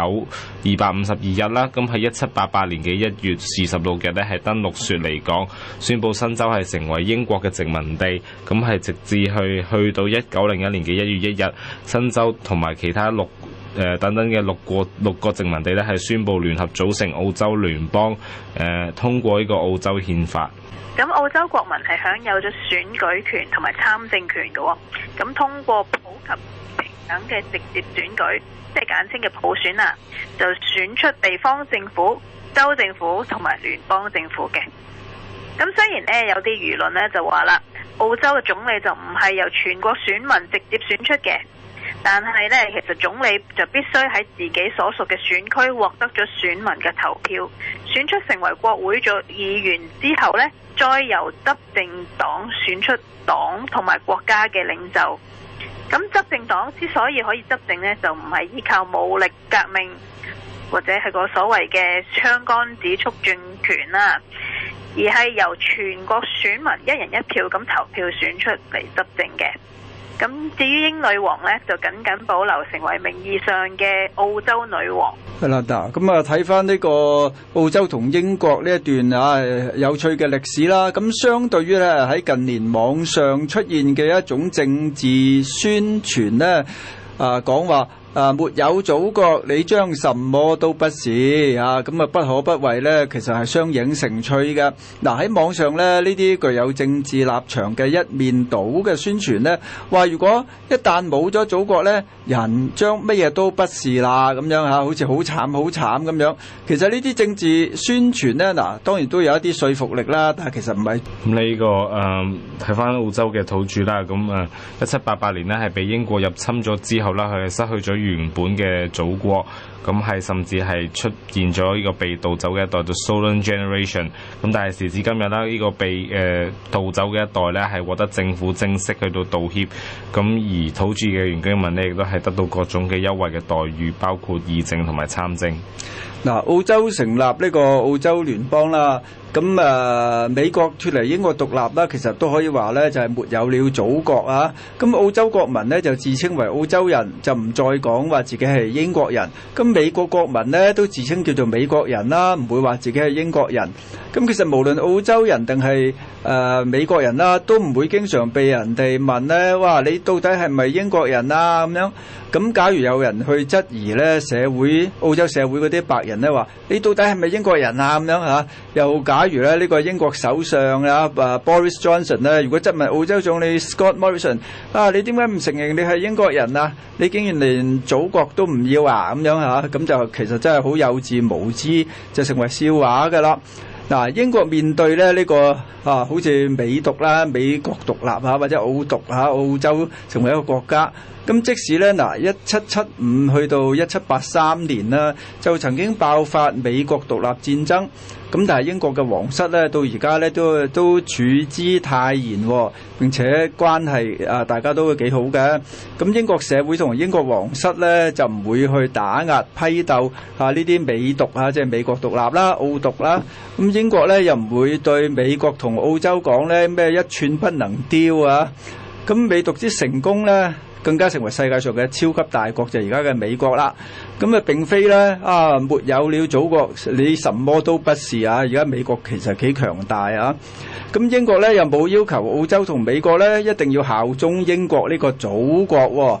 二百五十二日啦。咁喺一七八八年嘅一月二十六日咧係登陸雪梨港，宣佈新州係成為英國嘅殖民地。咁係直至去去到一九零一年嘅一月一日，新州同埋其他六誒、呃、等等嘅六個六個殖民地咧，係宣布聯合組成澳洲聯邦。誒、呃、通過呢個澳洲憲法，咁澳洲國民係享有咗選舉權同埋參政權嘅喎、哦。咁通過普及平等嘅直接選舉，即係簡稱嘅普選啦，就選出地方政府、州政府同埋聯邦政府嘅。咁雖然呢，有啲輿論呢就話啦，澳洲嘅總理就唔係由全國選民直接選出嘅。但係呢，其實總理就必須喺自己所屬嘅選區獲得咗選民嘅投票，選出成為國會做議員之後呢，再由執政黨選出黨同埋國家嘅領袖。咁執政黨之所以可以執政呢，就唔係依靠武力革命或者係個所謂嘅槍桿子促進權啦、啊，而係由全國選民一人一票咁投票選出嚟執政嘅。咁至於英女王咧，就僅僅保留成為名義上嘅澳洲女王。係啦，嗱，咁啊睇返呢個澳洲同英國呢一段啊有趣嘅歷史啦。咁相對於咧喺近年網上出現嘅一種政治宣傳咧，啊講話。啊！沒有祖國，你將什麼都不是啊！咁啊，不可不為呢。其實係相映成趣嘅。嗱、啊、喺網上呢，呢啲具有政治立場嘅一面倒嘅宣傳呢，話如果一旦冇咗祖國呢，人將乜嘢都不是啦，咁樣、啊、好似好慘好慘咁樣。其實呢啲政治宣傳呢，嗱、啊、當然都有一啲說服力啦，但其實唔係。咁呢、這個誒，睇、uh, 翻澳洲嘅土著啦，咁啊，一七八八年呢係被英國入侵咗之後啦，佢係失去咗。原本嘅祖國，咁係甚至係出現咗呢個被盜走嘅一代，The Stolen Generation。咁但係時至今日啦，呢、這個被誒盜走嘅一代呢，係獲得政府正式去到道歉。咁而土著嘅原居民呢，亦都係得到各種嘅優惠嘅待遇，包括議政同埋參政。嗱，澳洲成立呢個澳洲聯邦啦。咁啊、呃，美國脫離英國獨立啦，其實都可以話呢就係、是、沒有了祖國啊！咁澳洲國民呢就自稱為澳洲人，就唔再講話自己係英國人。咁美國國民呢都自稱叫做美國人啦、啊，唔會話自己係英國人。咁其實無論澳洲人定係誒美國人啦、啊，都唔會經常被人哋問呢哇，你到底係咪英國人啊？咁樣。咁假如有人去質疑呢社會，澳洲社會嗰啲白人呢，話：，你到底係咪英國人啊？咁樣嚇，又搞。假如咧呢個英國首相啊，啊 Boris Johnson 咧，如果質問澳洲總理 Scott Morrison 啊，你點解唔承認你係英國人啊？你竟然連祖國都唔要啊？咁樣嚇，咁就其實真係好幼稚無知，就成為笑話㗎啦。嗱，英國面對咧、這、呢個啊，好似美獨啦、美國獨立啊，或者澳獨嚇，澳洲成為一個國家。咁即使咧嗱，一七七五去到一七八三年啦，就曾經爆發美國獨立戰爭。咁但係英國嘅皇室咧，到而家咧都都處之泰然喎，並且關係啊，大家都會幾好嘅。咁英國社會同英國皇室咧就唔會去打壓批鬥啊呢啲美獨啊，即係美國獨立啦、澳獨啦。咁英國咧又唔會對美國同澳洲講咧咩一寸不能丟啊。咁美獨之成功咧。更加成為世界上嘅超級大國，就係而家嘅美國啦。咁啊，並非咧啊，沒有了祖國，你什麼都不是啊。而家美國其實幾強大啊。咁英國咧又冇要求澳洲同美國咧一定要效忠英國呢個祖國喎，哦。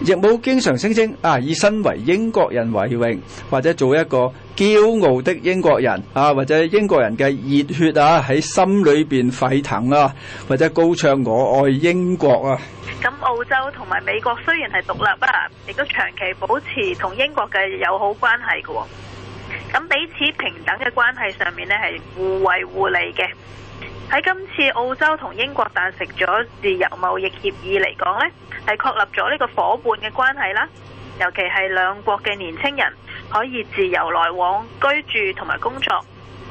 亦冇經常聲稱啊，以身為英國人為榮，或者做一個驕傲的英國人啊，或者英國人嘅熱血啊喺心裏邊沸騰啦、啊，或者高唱我愛英國啊。咁澳洲同埋美國雖然係獨立，不過亦都長期保持同英國嘅友好關係嘅喎、哦。咁彼此平等嘅關係上面呢係互惠互利嘅。喺今次澳洲同英國達成咗自由貿易協議嚟講呢，係確立咗呢個伙伴嘅關係啦。尤其係兩國嘅年輕人可以自由來往居住同埋工作，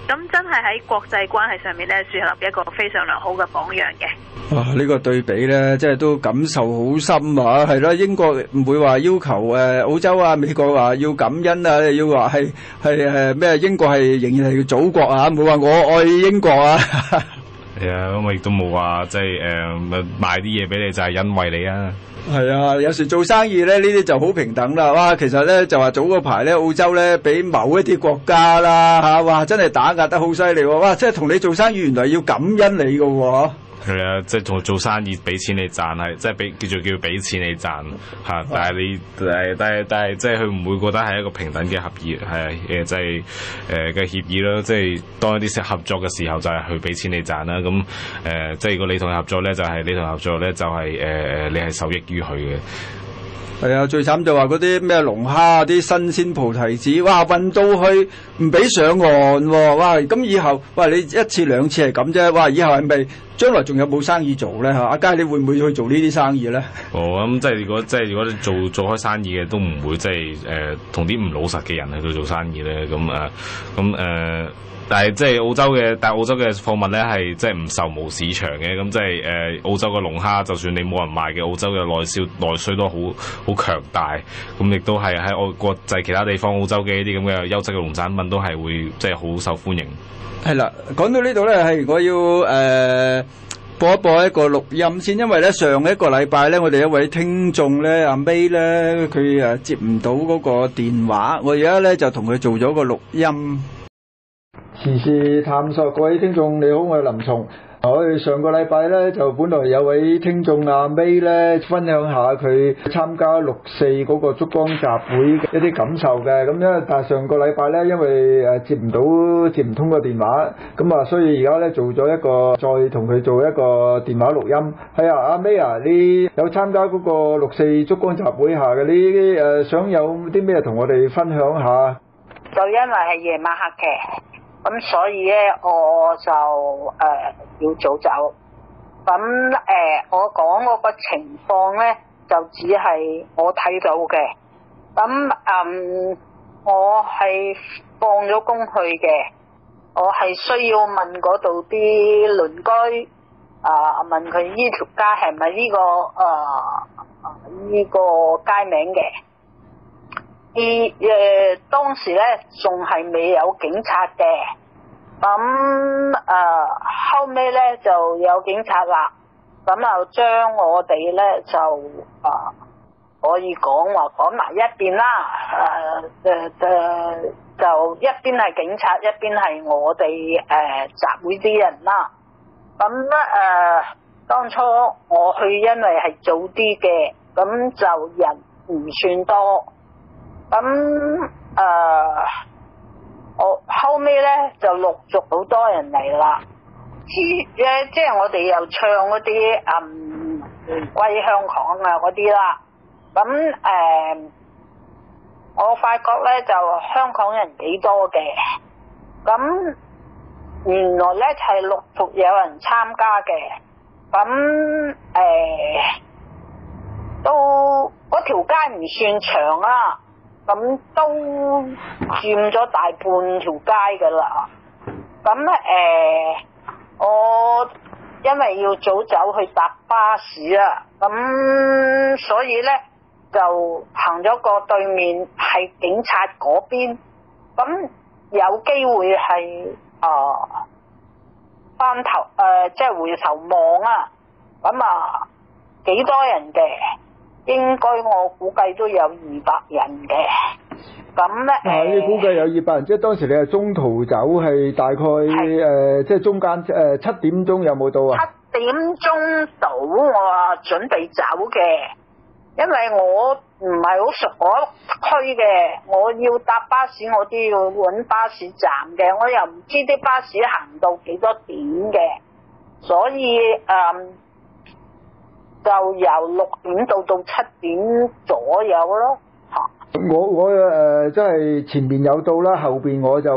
咁真係喺國際關係上面呢，樹立一個非常良好嘅榜樣嘅。啊，呢、呢個對比呢，即係都感受好深啊。係咯、啊，英國唔會話要求誒、呃、澳洲啊、美國話、啊、要感恩啊，要話係係誒咩？英國係仍然係要祖國啊，唔會話我愛英國啊。 係啊，yeah, 我亦都冇話即係誒，賣啲嘢俾你就係因為你啊。係啊，有時做生意咧，呢啲就好平等啦。哇，其實咧就話早嗰排咧澳洲咧俾某一啲國家啦吓，哇真係打壓得好犀利。哇，即係同你做生意原來要感恩你噶、啊。係啊，即係同做生意，俾錢你賺，係，即係俾叫做叫俾錢你賺嚇。但係你，但係但係但係，即係佢唔會覺得係一個平等嘅合議是的、就是、的議，係誒就係誒嘅協議咯。即係當一啲食合作嘅時候，就係佢俾錢你賺啦。咁誒、呃，即係如果你同佢合作咧，就係、是、你同佢合作咧，就係誒誒，你係受益於佢嘅。係啊，最慘就話嗰啲咩龍蝦、啲新鮮菩提子，哇運到去唔俾上岸，哇咁以後，喂你一次兩次係咁啫，哇以後係咪將來仲有冇生意做咧？吓，阿佳你會唔會去做呢啲生意咧？哦，咁、嗯、即係如果即係如果你做做開生意嘅，都唔會即係誒同啲唔老實嘅人去做生意咧，咁、嗯、啊，咁、呃、誒。嗯呃但係即係澳洲嘅，但澳洲嘅貨物咧係即係唔受冇市場嘅，咁即係誒、呃、澳洲嘅龍蝦，就算你冇人賣嘅，澳洲嘅內銷內需都好好強大，咁亦都係喺外國際其他地方，澳洲嘅一啲咁嘅優質嘅農產品都係會即係好受歡迎。係啦，講到這裡呢度咧，係如果要誒、呃、播一播一個錄音先，因為咧上一個禮拜咧，我哋一位聽眾咧阿 May 咧，佢誒接唔到嗰個電話，我而家咧就同佢做咗個錄音。時事探索，各位聽眾你好，我係林松。我哋上個禮拜呢，就本來有位聽眾阿 May 呢，分享下佢參加六四嗰個燭光集會嘅一啲感受嘅咁呢，但係上個禮拜呢，因為誒接唔到接唔通個電話，咁啊所以而家呢，做咗一個再同佢做一個電話錄音。係、哎、啊，阿 May 啊，你有參加嗰個六四燭光集會下嘅，你誒想有啲咩同我哋分享下？就因為係夜晚黑嘅。咁、嗯、所以咧，我就誒、呃、要早走。咁、嗯、誒、呃，我講嗰個情況咧，就只係我睇到嘅。咁嗯，嗯，我係放咗工去嘅，我係需要問嗰度啲鄰居啊，問佢呢條街係咪呢個誒呢、啊呢個街名嘅。二誒、呃、當時咧仲係未有警察嘅，咁、嗯、啊、呃、後尾咧就有警察啦，咁、嗯、就將我哋咧就啊、呃、可以講話講埋一邊啦，誒誒誒就一邊係警察，一邊係我哋誒、呃、集會啲人啦。咁、嗯、誒、呃、當初我去因為係早啲嘅，咁、嗯、就人唔算多。咁誒、呃，我後尾咧就陸續好多人嚟啦。即係我哋又唱嗰啲誒歸香港啊嗰啲啦。咁誒、呃，我發覺咧就香港人幾多嘅。咁原來咧就係陸續有人參加嘅。咁誒、呃，都嗰條街唔算長啦。咁都佔咗大半條街噶啦，咁誒、欸，我因為要早走去搭巴士啦、啊、咁所以咧就行咗個對面係警察嗰邊，咁有機會係誒翻頭誒，即、啊、係、就係、回頭望啊，咁啊幾多人嘅。應該我估計都有二百人嘅，咁咧，係你估計有二百人。嗯、即係當時你係中途走，係大概誒是、呃，即係中間誒七點鐘有冇到啊？七點鐘到我準備走嘅，因為我唔係好熟我區嘅，我要搭巴士我都要搵巴士站嘅，我又唔知啲巴士行到幾多點嘅，所以誒。嗯就由六點到到七點左右咯嚇。我我誒，即係前面有到啦，後邊我就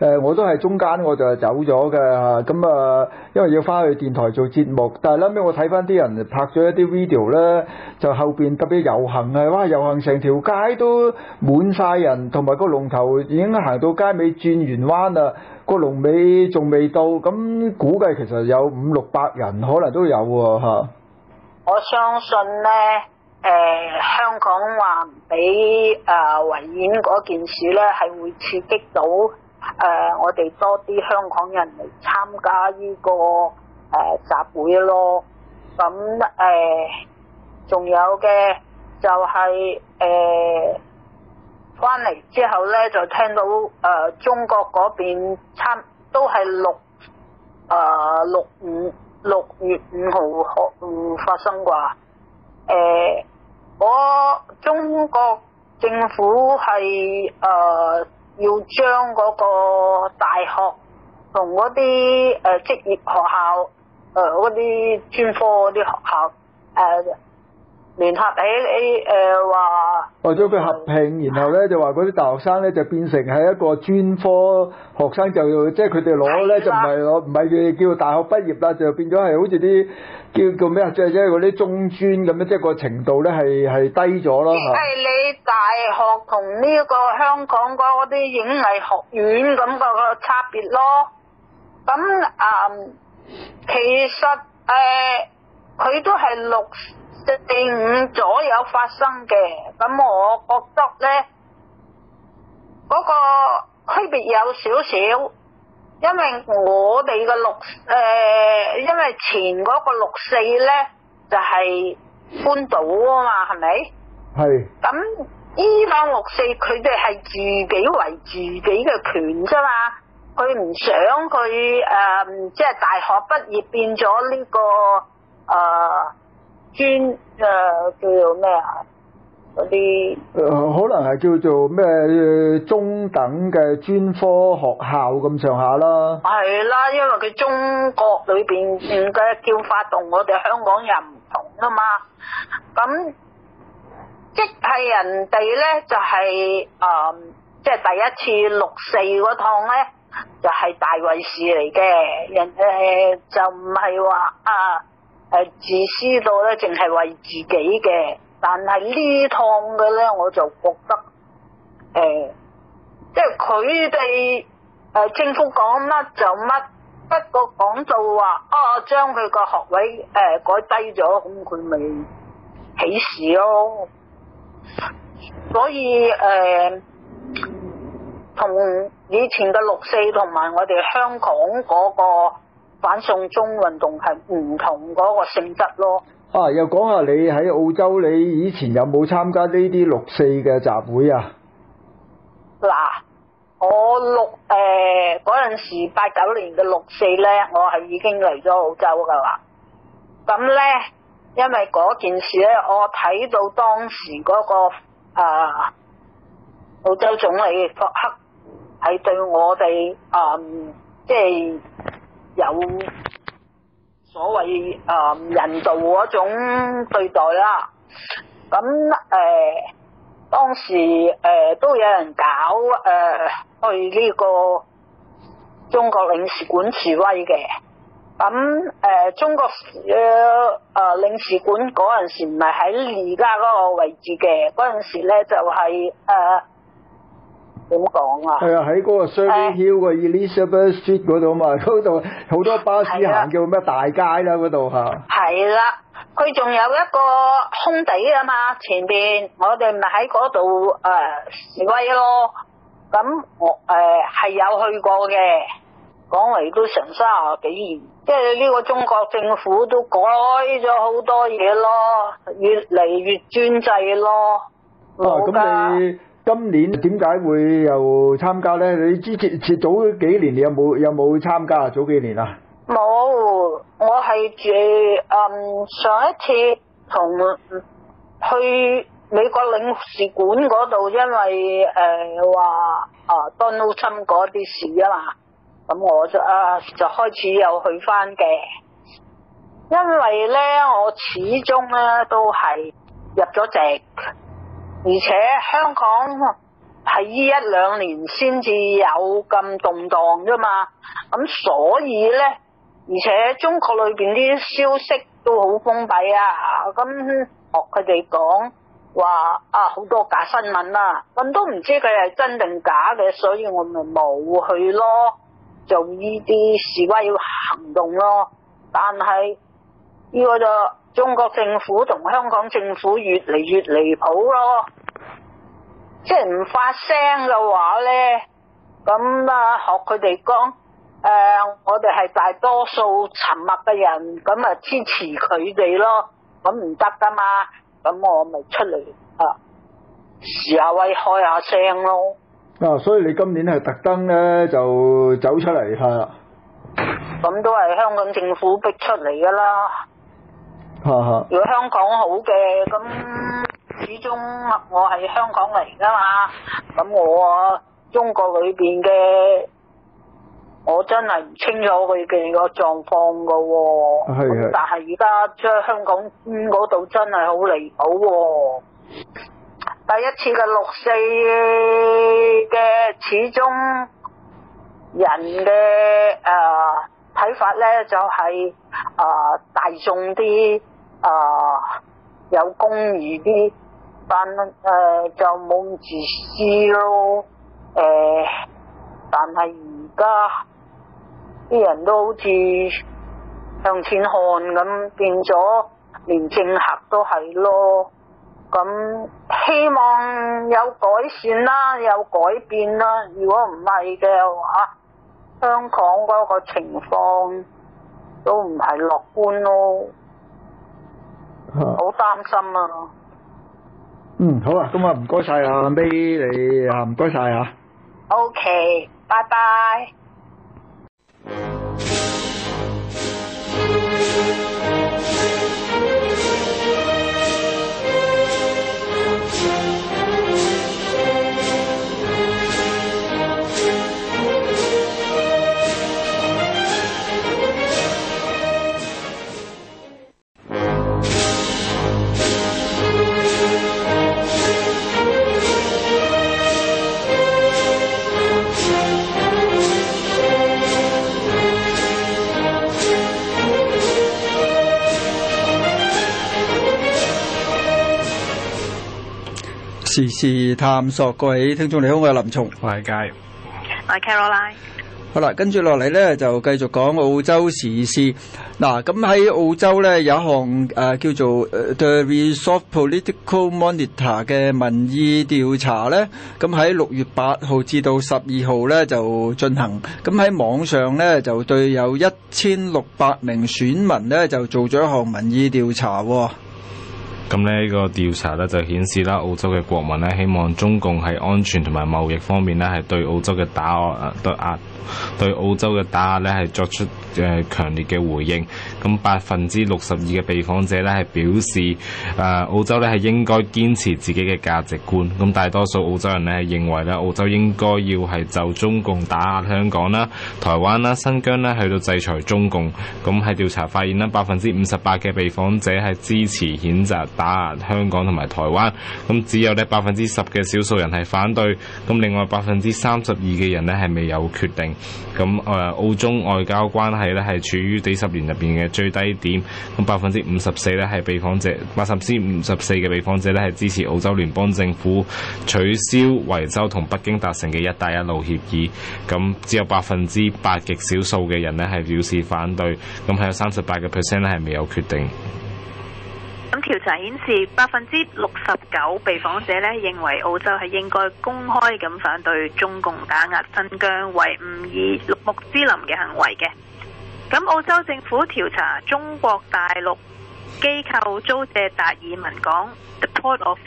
誒，我都係中間我就走咗嘅嚇。咁啊，因為要翻去電台做節目，但係臨尾我睇翻啲人拍咗一啲 video 咧，就後邊特別遊行啊，哇！遊行成條街都滿曬人，同埋個龍頭已經行到街尾轉完彎啦，個龍尾仲未到，咁估計其實有五六百人可能都有喎嚇。我相信咧、呃，香港話唔俾誒維園嗰件事咧，係會刺激到誒、呃、我哋多啲香港人嚟參加呢、這個誒、呃、集會咯。咁誒，仲、呃、有嘅就係誒翻嚟之後咧，就聽到誒、呃、中國嗰邊參都係六誒六五。6, 5, 六月五號學發生啩，誒、呃，我中國政府係誒、呃、要將嗰個大學同嗰啲誒職業學校誒嗰啲專科嗰啲學校誒。呃聯合起你誒誒話，為咗佢合併，是然後咧就話嗰啲大學生咧就變成係一個專科學生，就即係佢哋攞咧就唔係攞唔係叫叫大學畢業啦，就變咗係好似啲叫叫咩啊，即係即係嗰啲中專咁樣，即係個程度咧係係低咗咯。係你大學同呢一個香港嗰啲演藝學院咁個個差別咯。咁啊，其實誒，佢都係六。定五左右發生嘅，咁我覺得咧，嗰、那個區別有少少，因為我哋嘅六誒、呃，因為前嗰個六四咧就係搬到啊嘛，係咪？係是。咁伊朗六四佢哋係自己為自己嘅權啫嘛，佢唔想佢誒，即、呃、係、就是、大學畢業變咗呢、這個誒。呃專誒、呃、叫做咩啊？嗰啲誒，可能係叫做咩中等嘅專科學校咁上下啦。係啦，因為佢中國裏邊嘅叫法同我哋香港人唔同啊嘛。咁即係人哋咧，就係、是、誒，即、就、係、是嗯就是、第一次六四嗰趟咧，就係、是、大衛士嚟嘅。人誒就唔係話啊。誒、呃，自私到咧，淨係為自己嘅。但係呢趟嘅咧，我就覺得，誒、呃，即係佢哋誒，政府講乜就乜，不過講到話，啊，將佢個學位誒、呃、改低咗，咁佢咪起事咯。所以誒，同、呃、以前嘅六四同埋我哋香港嗰、那個。反送中運動係唔同嗰個性質咯。啊，又講下你喺澳洲，你以前有冇參加呢啲六四嘅集會啊？嗱、啊，我六誒嗰陣時八九年嘅六四咧，我係已經嚟咗澳洲噶啦。咁咧，因為嗰件事咧，我睇到當時嗰、那個啊澳洲總理霍克係對我哋啊、嗯，即係。有所謂、呃、人道嗰種對待啦，咁、嗯呃、當時、呃、都有人搞、呃、去呢個中國領事館示威嘅，咁、嗯呃、中國、呃、領事館嗰陣時唔係喺而家嗰個位置嘅，嗰陣時咧就係、是呃好講啊？係啊，喺嗰個 Surry Hills 個 Elizabeth Street 嗰度啊嘛，嗰度好多巴士行叫咩大街啦，嗰度吓。係啦，佢仲有一個空地啊嘛，前邊我哋咪喺嗰度誒示威咯。咁我誒係、呃、有去過嘅，講嚟都成卅幾年，即係呢個中國政府都改咗好多嘢咯，越嚟越專制咯，冇噶、啊。家今年點解會又參加咧？你之前早幾年你有冇有冇參加啊？早幾年啊？冇，我係誒嗯，上一次同去美國領事館嗰度，因為誒話、呃、啊 Donald Trump 嗰啲事啊嘛，咁我就啊就開始有去翻嘅，因為咧我始終咧都係入咗籍。而且香港係呢一兩年先至有咁動盪啫嘛，咁所以咧，而且中國裏邊啲消息都好封閉啊，咁學佢哋講話啊好多假新聞啦、啊，咁都唔知佢係真定假嘅，所以我咪冇去咯，就呢啲事關要行動咯，但係呢個就。中國政府同香港政府越嚟越離譜咯，即係唔發聲嘅話咧，咁啊學佢哋講，誒、呃、我哋係大多數沉默嘅人，咁啊支持佢哋咯，咁唔得噶嘛，咁我咪出嚟啊，示、啊、下威開下聲咯。啊，所以你今年係特登咧就走出嚟係啦。咁、啊、都係香港政府逼出嚟噶啦。如果香港好嘅，咁始終我係香港嚟噶嘛。咁我中國裏面嘅，我真係唔清楚佢哋個狀況㗎喎。係係但係而家將香港嗰度真係好離譜喎！第一次嘅六四嘅始終人嘅誒睇法咧，就係、是、誒、呃、大眾啲。啊！有公義啲，但誒、呃、就冇咁自私咯。呃、但係而家啲人都好似向前看咁，變咗連政客都係咯。咁希望有改善啦、啊，有改變啦、啊。如果唔係嘅話，香港嗰個情況都唔係樂觀咯。好擔心啊！嗯，好啊，咁啊，唔該曬阿 May 你啊，唔該晒啊，OK，拜拜。時事探索，各位聽眾你好，我係林松，我係佳，我係 Caroline。好啦，跟住落嚟咧就繼續講澳洲時事。嗱，咁喺澳洲咧有一項誒、呃、叫做、呃、The Resolve Political Monitor 嘅民意調查咧，咁喺六月八號至到十二號咧就進行，咁喺網上咧就對有一千六百名選民咧就做咗一項民意調查，哦。咁呢個調查咧就顯示啦，澳洲嘅國民咧希望中共喺安全同埋貿易方面咧，係對澳洲嘅打壓，對澳洲嘅打壓咧係作出誒強烈嘅回應，咁百分之六十二嘅被訪者呢係表示，誒、呃、澳洲呢係應該堅持自己嘅價值觀，咁大多數澳洲人呢係認為呢，澳洲應該要係就中共打壓香港啦、台灣啦、新疆啦，去到制裁中共，咁喺調查發現呢，百分之五十八嘅被訪者係支持譴責打壓香港同埋台灣，咁只有呢百分之十嘅少數人係反對，咁另外百分之三十二嘅人呢係未有決定，咁誒、呃、澳中外交關。係咧，係處於幾十年入邊嘅最低點。咁百分之五十四咧，係被訪者，百分之五十四嘅被訪者咧，係支持澳洲聯邦政府取消維州同北京達成嘅「一帶一路」協議。咁只有百分之八極少數嘅人咧，係表示反對。咁係有三十八個 percent 咧，係未有決定。咁調查顯示，百分之六十九被訪者咧，認為澳洲係應該公開咁反對中共打壓新疆、違誤以綠木之林嘅行為嘅。咁澳洲政府調查中國大陸機構租借達爾文港 （The Port of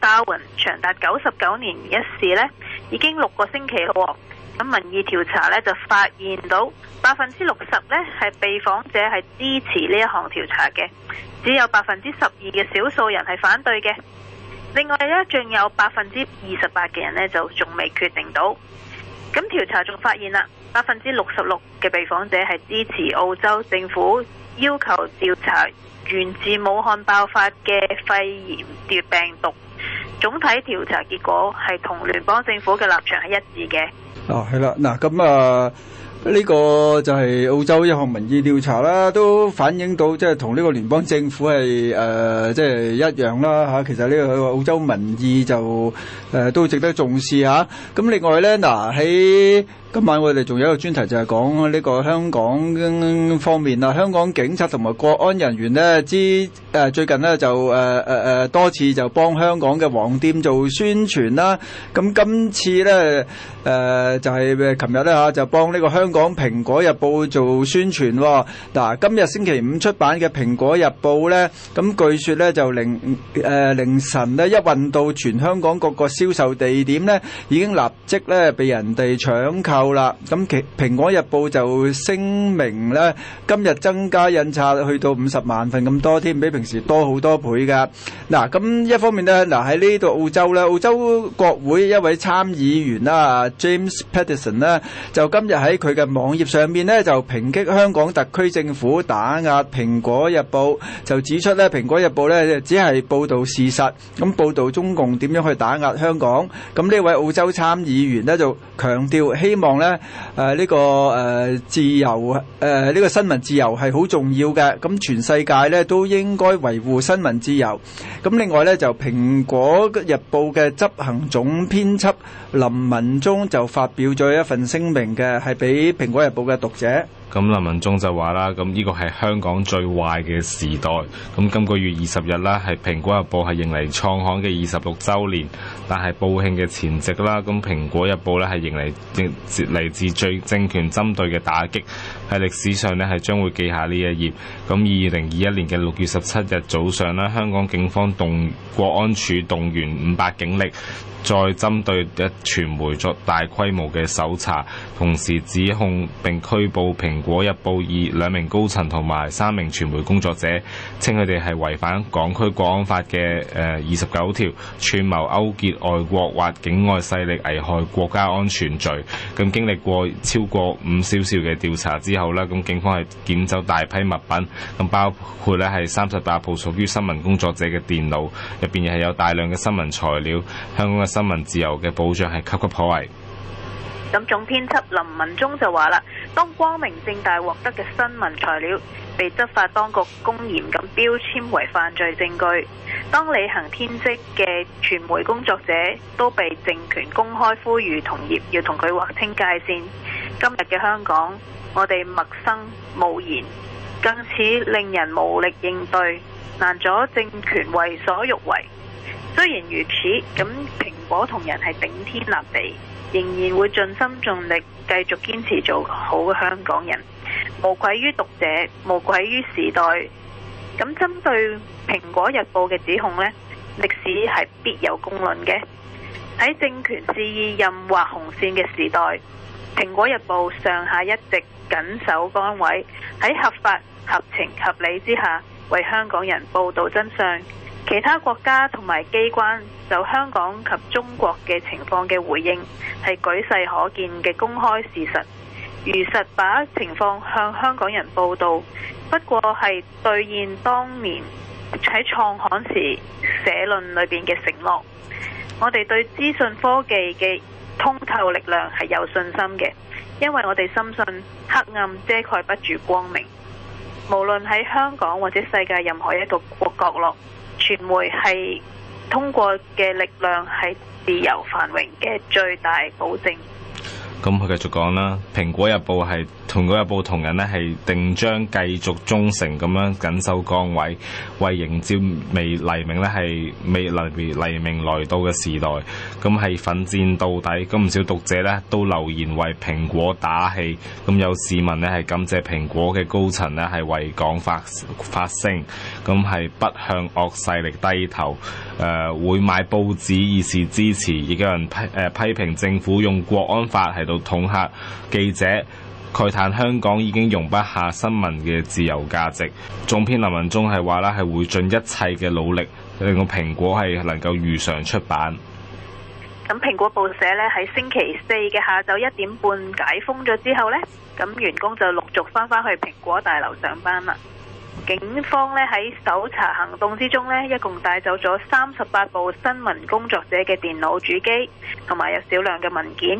Darwin） 長達九十九年一事呢，已經六個星期了。咁民意調查呢，就發現到百分之六十呢係被訪者係支持呢一項調查嘅，只有百分之十二嘅少數人係反對嘅。另外呢，仲有百分之二十八嘅人呢，就仲未決定到。咁調查仲發現啦。百分之六十六嘅被訪者係支持澳洲政府要求調查源自武漢爆發嘅肺炎病毒。總體調查結果係同聯邦政府嘅立場係一致嘅。哦，係啦，嗱咁啊，呢、啊這個就係澳洲一項民意調查啦，都反映到即係同呢個聯邦政府係誒即係一樣啦嚇、啊。其實呢個澳洲民意就誒、呃、都值得重視嚇、啊。咁、啊、另外咧嗱喺。啊今晚我哋仲有一個專題，就係講呢個香港方面啦。香港警察同埋國安人員咧，之誒最近咧就誒誒誒多次就幫香港嘅黃店做宣傳啦。咁今次咧誒就係誒琴日咧嚇就幫呢個香港《蘋果日報》做宣傳。嗱，今日星期五出版嘅《蘋果日報》咧，咁據說咧就凌誒凌晨咧一運到全香港各個銷售地點咧，已經立即咧被人哋搶購。啦，咁其《蘋果日報》就聲明咧，今日增加印刷去到五十萬份咁多添，比平時多好多倍噶。嗱，咁一方面咧，嗱喺呢度澳洲咧，澳洲國會一位參議員啦，啊，James Paterson 咧，就今日喺佢嘅網頁上面咧，就抨擊香港特區政府打壓《蘋果日報》，就指出咧，《蘋果日報》呢咧只係報道事實，咁報道中共點樣去打壓香港。咁呢位澳洲參議員咧就強調，希望。咧，誒呢個誒自由誒呢個新聞自由係好重要嘅，咁全世界咧都應該維護新聞自由。咁另外咧就蘋果日報嘅執行總編輯林文忠就發表咗一份聲明嘅，係俾蘋果日報嘅讀者。咁林文忠就話啦，咁呢個係香港最壞嘅時代。咁今個月二十日啦，係《蘋果日報》係迎嚟創刊嘅二十六週年，但係報慶嘅前夕啦，咁《蘋果日報》咧係迎嚟迎嚟自最政權針對嘅打擊。喺歷史上咧係將會記下呢一頁，咁二零二一年嘅六月十七日早上咧，香港警方動國安處動員五百警力，再針對一傳媒作大規模嘅搜查，同時指控並拘捕蘋果日報以兩名高層同埋三名傳媒工作者，稱佢哋係違反港區國安法嘅誒二十九條串謀勾結外國或境外勢力危害國家安全罪。咁經歷過超過五小時嘅調查之，之後咧，咁警方係檢走大批物品，咁包括咧係三十八部屬於新聞工作者嘅電腦，入邊亦係有大量嘅新聞材料。香港嘅新聞自由嘅保障係岌岌可危。咁總編輯林文忠就話啦：當光明正大獲得嘅新聞材料被執法當局公然咁標籤為犯罪證據，當履行天職嘅傳媒工作者都被政權公開呼籲同業要同佢劃清界線，今日嘅香港。我哋默生無言，更似令人無力應對，難阻政權為所欲為。雖然如此，咁蘋果同人係頂天立地，仍然會盡心盡力，繼續堅持做好嘅香港人，無愧於讀者，無愧於時代。咁針對蘋果日報嘅指控呢，歷史係必有公論嘅。喺政權肆意任劃紅綫嘅時代，《蘋果日報》上下一直緊守崗位，喺合法、合情、合理之下，為香港人報導真相。其他國家同埋機關就香港及中國嘅情況嘅回應，係舉世可見嘅公開事實，如實把情況向香港人報導。不過係兌現當年喺創刊時社論裏面嘅承諾。我哋對資訊科技嘅通透力量係有信心嘅，因為我哋深信黑暗遮蓋不住光明。無論喺香港或者世界任何一個角落，傳媒係通過嘅力量，係自由繁榮嘅最大保證。咁佢繼續講啦，《蘋果日報》係《蘋果日報》同仁呢係定將繼續忠誠咁樣緊守崗位，為迎接未黎明呢係未嚟黎明來到嘅時代，咁係奮戰到底。咁唔少讀者呢都留言為蘋果打氣，咁有市民呢係感謝蘋果嘅高層呢係為港發發聲，咁係不向惡勢力低頭。誒會買報紙以示支持，亦有人批誒批評政府用國安法係度。統客記者慨嘆，坦香港已經容不下新聞嘅自由價值。總編林文宗係話啦，係會盡一切嘅努力，令個蘋果係能夠如常出版。咁蘋果報社呢，喺星期四嘅下晝一點半解封咗之後呢咁員工就陸續翻返去蘋果大樓上班啦。警方呢，喺搜查行動之中呢一共帶走咗三十八部新聞工作者嘅電腦主機，同埋有少量嘅文件。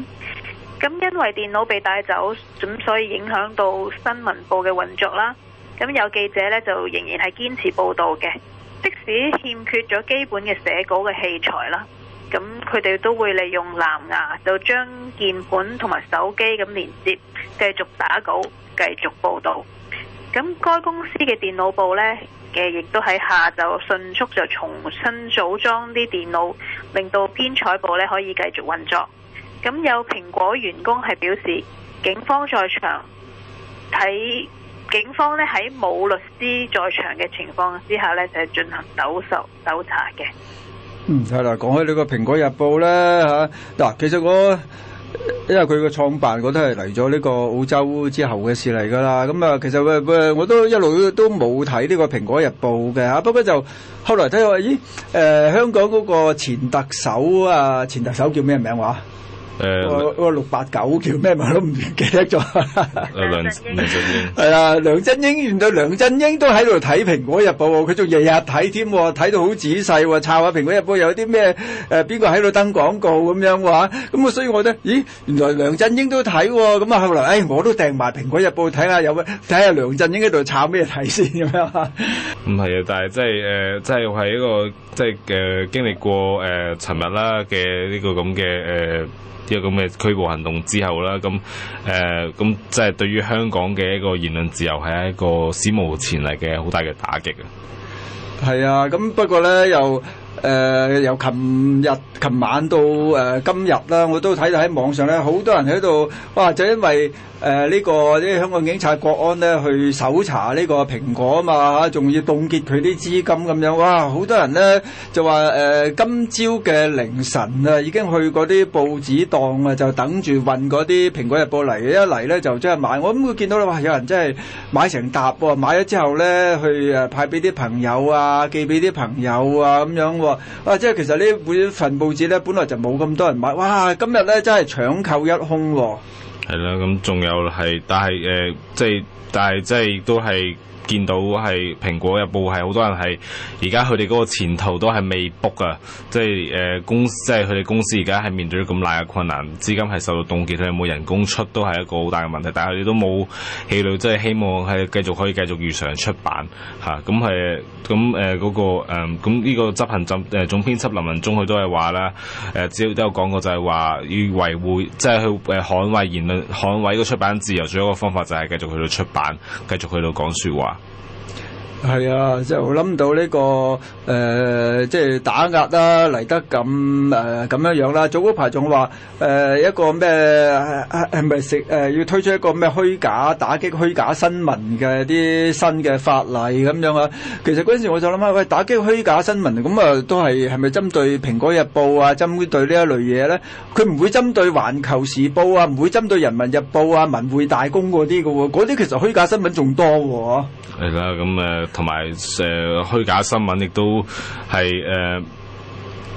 咁因為電腦被帶走，咁所以影響到新聞部嘅運作啦。咁有記者呢就仍然係堅持報道嘅，即使欠缺咗基本嘅寫稿嘅器材啦，咁佢哋都會利用藍牙就將鍵盤同埋手機咁連接，繼續打稿，繼續報道。咁該公司嘅電腦部呢，嘅亦都喺下晝迅速就重新組裝啲電腦，令到編採部呢可以繼續運作。咁有蘋果員工係表示，警方在場，睇警方咧，喺冇律師在場嘅情況之下咧，就係進行搜搜查嘅。嗯，係啦。講起呢個《蘋果日報》咧吓嗱，其實我因為佢嘅創辦，我都係嚟咗呢個澳洲之後嘅事嚟噶啦。咁啊，其實誒誒，我都一路都冇睇呢個《蘋果日報》嘅吓。不過就後來聽話，咦誒，香港嗰個前特首啊，前特首叫咩名話？誒，個六八九叫咩名我都唔記得咗。梁，呃、梁振英係啊 英，梁振英原來梁振英都喺度睇《蘋果日報》，佢仲日日睇添，睇到好仔細喎，抄下《蘋果日報》有啲咩，誒，邊個喺度登廣告咁樣嘅話，咁啊，所以我覺得，咦，原來梁振英都睇，咁啊，後來誒、哎，我都訂埋《蘋果日報》睇下，看看有冇睇下梁振英喺度抄咩睇先咁樣。唔係啊，但係即係誒，即係係一個即係誒，經歷過誒，尋日啦嘅呢個咁嘅誒。呃呢個咁嘅拘捕行動之後啦，咁誒咁即係對於香港嘅一個言論自由係一個史無前例嘅好大嘅打擊嘅。係啊，咁不過咧又。誒、呃、由琴日、琴晚到誒、呃、今日啦，我都睇到喺網上咧，好多人喺度，哇！就因為誒呢、呃這個啲香港警察國安咧去搜查呢個蘋果啊嘛，仲要凍結佢啲資金咁樣，哇！好多人咧就話誒、呃、今朝嘅凌晨啊，已經去嗰啲報紙檔啊，就等住運嗰啲蘋果日報嚟，一嚟咧就即係買。我咁會見到咧，哇！有人真係買成沓喎，買咗之後咧去誒派俾啲朋友啊，寄俾啲朋友啊咁樣。啊，即係其實呢每份報紙咧，本來就冇咁多人買。哇！今日咧真係搶購一空喎。係啦，咁仲有係，但係誒，即、呃、係、即係，但係，即係都係。見到係蘋果日報，係好多人，係而家佢哋嗰個前途都係未卜啊！即係公司，即係佢哋公司而家係面對咗咁大嘅困難，資金係受到凍結，佢有冇人工出都係一個好大嘅問題。但係佢哋都冇氣餒，即係希望係繼續可以繼續如常出版吓。咁係咁，嗰個誒咁呢個執行總誒總編輯林文忠佢都係話啦，只要都有講過，就係話要維護，即係去誒捍衛言論，捍衛個出版自由，最有一個方法就係繼續去到出版，繼續去到講說話。係啊，就諗、是、到呢、這個誒，即、呃、係、就是、打壓啦，嚟得咁誒咁樣、呃、樣啦。早嗰排仲話誒一個咩誒係咪食、啊、要推出一個咩虛假打擊虛假新聞嘅啲新嘅法例咁樣啊。其實嗰陣時我就諗下，喂，打擊虛假新聞咁啊，都係係咪針對《蘋果日報》啊，針對呢一類嘢咧？佢唔會針對《環球時報》啊，唔會針對《人民日報》啊，《文匯大公、啊》嗰啲嘅喎，嗰啲其實虛假新聞仲多喎、啊。係啦，咁誒同埋誒虛假新聞亦都係誒，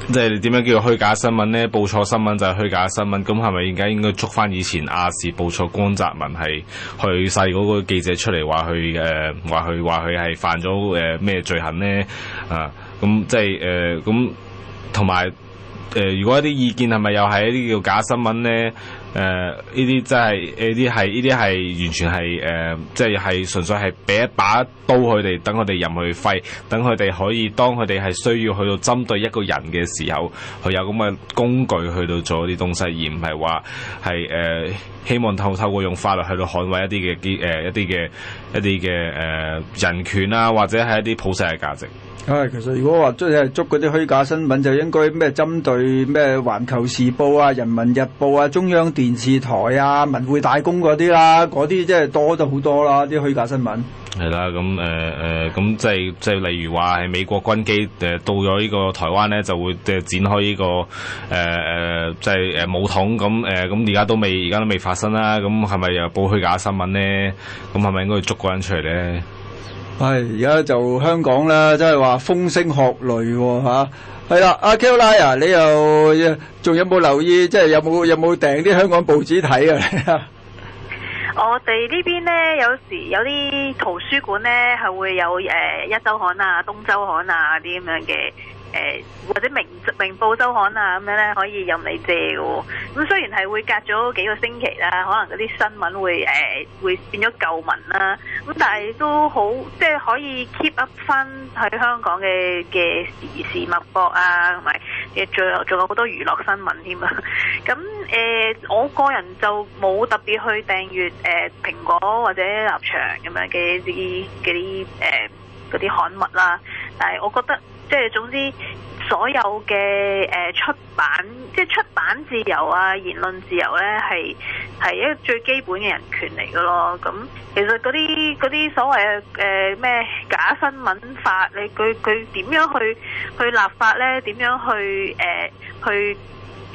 即係點樣叫虛假新聞咧？報錯新聞就係虛假新聞，咁係咪而家應該捉翻以前亞視報錯江澤民係去世嗰個記者出嚟話佢誒話佢話佢係犯咗誒咩罪行咧？啊，咁即係誒咁同埋誒，如果一啲意見係咪又係一啲叫假新聞咧？誒呢啲真係呢啲係呢啲係完全係誒，即係純粹係俾一把刀佢哋，等佢哋任去揮，等佢哋可以當佢哋係需要去到針對一個人嘅時候，佢有咁嘅工具去到做一啲東西，而唔係話係誒希望透透過用法律去到捍衛一啲嘅、呃、一啲嘅一啲嘅誒人權啊，或者係一啲普世嘅價值。唉，其實如果話捉捉嗰啲虛假新聞就應該咩針對咩環球時報啊、人民日報啊、中央電視台啊、文匯大公嗰啲啦，嗰啲即係多咗好多啦，啲虛假新聞係啦，咁誒誒，咁即係即係例如話係美國軍機誒到咗呢個台灣咧、這個呃，就會誒展開呢個誒誒即係誒武統，咁誒咁而家都未而家都未發生啦，咁係咪又報虛假新聞咧？咁係咪應該要捉個人出嚟咧？係而家就香港啦，真係話風聲鶴唳吓。係啦，阿 Kelly 啊，啊啊 K ai，你又仲有冇留意？即係有冇有冇訂啲香港報紙睇啊？啊我哋呢邊呢，有時有啲圖書館呢，係會有誒、呃《一周刊》啊，《東周刊》啊啲咁樣嘅。誒，或者明明報周刊啊咁樣咧，可以任你借嘅，哦。咁雖然係會隔咗幾個星期啦，可能嗰啲新聞會誒、呃、會變咗舊聞啦。咁但係都好，即係可以 keep up 翻喺香港嘅嘅時事脈搏啊，同埋仲有仲有好多娛樂新聞添啊。咁誒、呃，我個人就冇特別去訂閱誒蘋果或者立場咁樣嘅啲啲誒啲刊物啦。但係我覺得。即係總之，所有嘅誒出版，即係出版自由啊、言論自由咧，係係一個最基本嘅人權嚟嘅咯。咁其實嗰啲啲所謂嘅誒咩、假新聞法，你佢佢點樣去去立法咧？點樣去誒、呃、去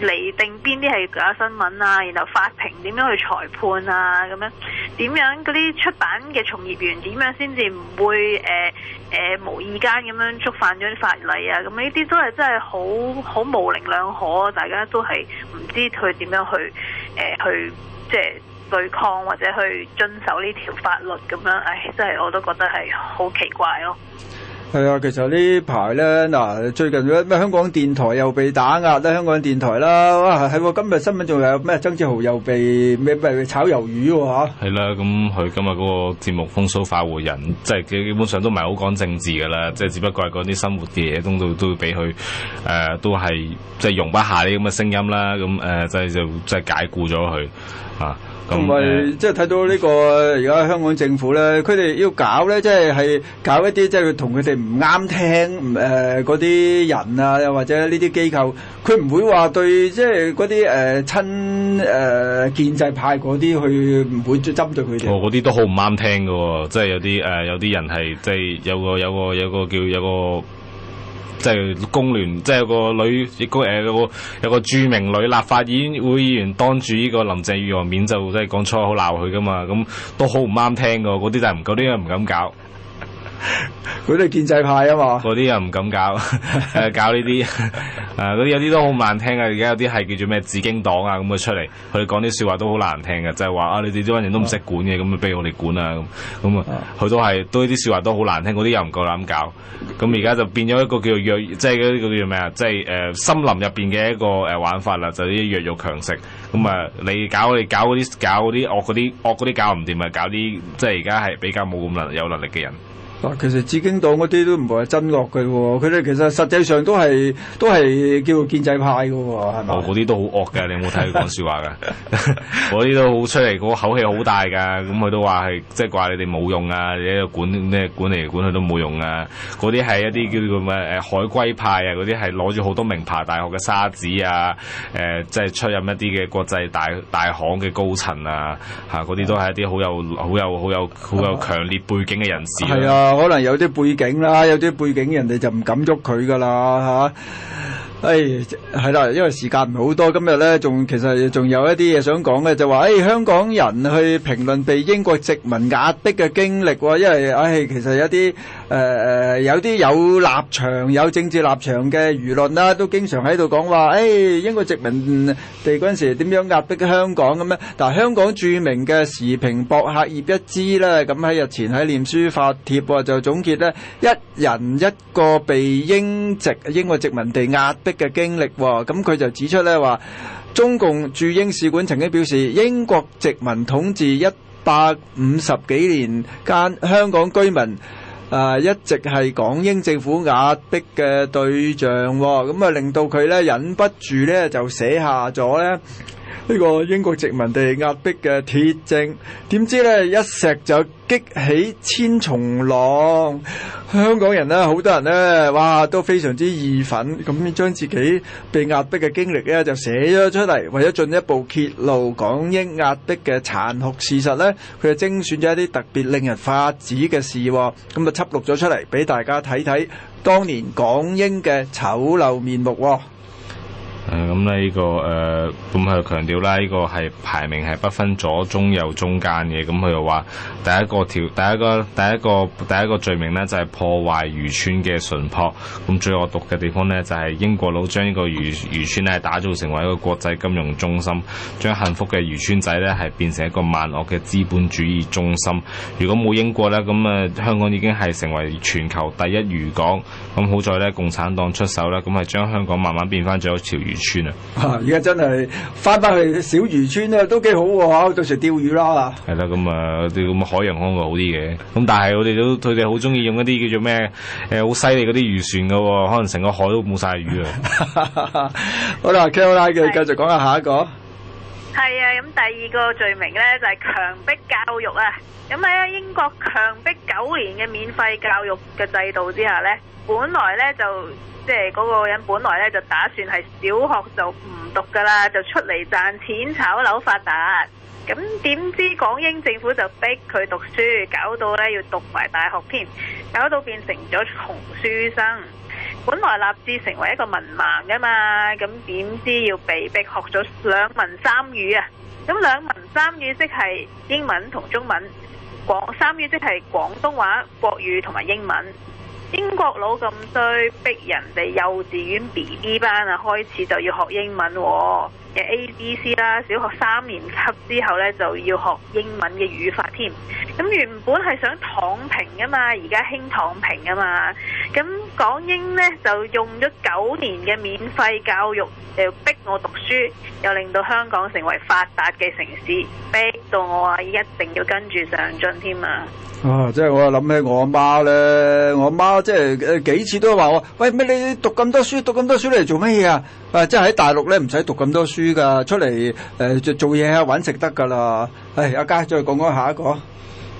嚟定邊啲係假新聞啊？然後法庭點樣去裁判啊？咁樣點樣嗰啲出版嘅從業員點樣先至唔會誒誒、呃呃、無意間咁樣觸犯咗啲法例啊？咁呢啲都係真係好好模棱兩可，大家都係唔知佢點樣去誒、呃、去即係對抗或者去遵守呢條法律咁樣，唉、哎，真係我都覺得係好奇怪咯。係啊，其實呢排咧嗱，最近咩香港電台又被打壓咧，香港電台啦，哇，喺、啊、今日新聞仲有咩曾志豪又被咩咪炒魷魚喎嚇？係啦、啊，咁佢今日嗰個節目《風騷快活人》，即係基基本上都唔係好講政治噶啦，即係只不過係講啲生活嘅嘢，都都都、呃、都俾佢誒都係即係容不下啲咁嘅聲音啦，咁誒、呃、即係就即係解僱咗佢啊。同埋即係睇到呢個而家香港政府咧，佢哋要搞咧，即係係搞一啲即係同佢哋唔啱聽誒嗰啲人啊，又或者呢啲機構，佢唔會話對即係嗰啲誒親誒、呃、建制派嗰啲去唔會針對佢哋。哦，嗰啲都好唔啱聽喎、哦，即係有啲誒、呃、有啲人係即係有個有個有個叫有個。即係工聯，即係個女，亦都有個著名女立法會議員，當住呢個林鄭月娥面就即係講粗口鬧佢㗎嘛，咁都好唔啱聽嘅，嗰啲就係唔夠，啲人唔敢搞。佢哋建制派啊嘛，嗰啲又唔敢搞，搞呢啲誒， 啊、些有些都有啲都好難聽噶。而家有啲係叫做咩紫荊黨啊咁啊出嚟，佢哋講啲說話都好難聽噶，就係、是、話啊，你哋啲班人都唔識管嘅，咁咪俾我哋管啊咁咁啊，佢、啊啊、都係都啲說話都好難聽，嗰啲又唔夠膽搞，咁而家就變咗一個叫做弱，即係嗰啲叫咩啊，即係誒森林入邊嘅一個誒玩法啦，就呢、是、啲弱肉強食。咁啊，你搞我哋搞嗰啲，搞嗰啲惡嗰啲惡嗰啲搞唔掂啊，搞啲即係而家係比較冇咁能有能力嘅人。其實紫荊黨嗰啲都唔係真惡嘅喎，佢哋其實實際上都係都係叫建制派㗎喎，係哦，嗰啲、哦、都好惡㗎。你有冇睇佢講說話㗎？嗰啲 都好出嚟，嗰個口氣好大㗎，咁佢的都話係即係怪你哋冇用啊，你喺度管咩管嚟管去都冇用啊。嗰啲係一啲叫做咩海歸派啊，嗰啲係攞住好多名牌大學嘅沙子啊，即、呃、係、就是、出任一啲嘅國際大大行嘅高層啊，嗰啲都係一啲好有好有好有好有強烈背景嘅人士啊。可能有啲背景啦，有啲背景，背景人哋就唔敢捉佢噶啦，吓，係係啦，因為時間唔好多，今日咧，仲其實仲有一啲嘢想講嘅，就話，唉，香港人去評論被英國殖民壓迫嘅經歷，因為，唉，其實有啲。誒、呃、有啲有立場、有政治立場嘅輿論啦、啊，都經常喺度講話。誒、哎、英國殖民地嗰陣時點樣壓迫香港咁咧？嗱，香港著名嘅時評博客葉一枝呢，咁喺日前喺臉書發帖、啊、就總結呢一人一個被英殖英國殖民地壓迫嘅經歷、啊。咁佢就指出呢話中共駐英使館曾經表示，英國殖民統治一百五十幾年間，香港居民，啊，一直係港英政府壓迫嘅對象，哦，咁啊令到佢咧忍不住咧就寫下咗咧。呢個英國殖民地壓迫嘅鐵證，點知呢？一石就激起千重浪。香港人呢，好多人呢，哇都非常之意憤，咁將自己被壓迫嘅經歷呢，就寫咗出嚟，為咗進一步揭露港英壓迫嘅殘酷事實呢，佢就精選咗一啲特別令人發指嘅事，咁、哦、就輯錄咗出嚟俾大家睇睇當年港英嘅醜陋面目。哦。誒咁咧，呢、嗯呢個誒，咁、呃、佢強調啦，呢、呢個係排名係不分左中右中間嘅。咁佢又話，第一個條，第一個，第一個，第一個罪名呢，就係、是、破壞漁村嘅純樸。咁最惡毒嘅地方呢，就係、是、英國佬將呢個漁漁村咧打造成為一個國際金融中心，將幸福嘅漁村仔呢，係變成一個萬惡嘅資本主義中心。如果冇英國呢，咁香港已經係成為全球第一漁港。咁好在呢，共產黨出手啦，咁係將香港慢慢變翻做一條漁漁村啊！而家真係翻翻去小漁村啦，都幾好嘅，到時釣魚啦吓。係啦，咁啊啲咁海洋康個好啲嘅，咁但係我哋都佢哋好中意用一啲叫做咩誒，好犀利嗰啲漁船嘅，可能成個海都冇晒魚啊！ 好啦，Kola 繼續講下下一個。係啊，咁第二個罪名咧就係、是、強迫教育啊！咁喺英國強逼九年嘅免費教育嘅制度之下咧，本來咧就。即係嗰個人本來咧就打算係小學就唔讀噶啦，就出嚟賺錢炒樓發達。咁點知港英政府就逼佢讀書，搞到咧要讀埋大學添，搞到變成咗窮書生。本來立志成為一個文盲噶嘛，咁點知要被逼學咗兩文三語啊。咁兩文三語即係英文同中文，廣三語即係廣東話、國語同埋英文。英國佬咁衰，逼人哋幼稚園 BB 班啊，開始就要學英文喎，哦。嘅 A、B、C 啦，小學三年級之後咧，就要學英文嘅語法添。咁原本係想躺平啊嘛，而家興躺平啊嘛。咁港英咧，就用咗九年嘅免費教育，又逼我讀書，又令到香港成為發達嘅城市，逼到我啊一定要跟住上進添啊！啊，即係我諗起我阿媽咧，我阿媽即係誒幾次都話我，喂，咩你讀咁多書，讀咁多書你嚟做乜嘢啊？啊，即係喺大陸咧唔使讀咁多書。出嚟誒、呃、做做嘢啊，揾食得㗎啦！唉，阿佳再講，講下一個。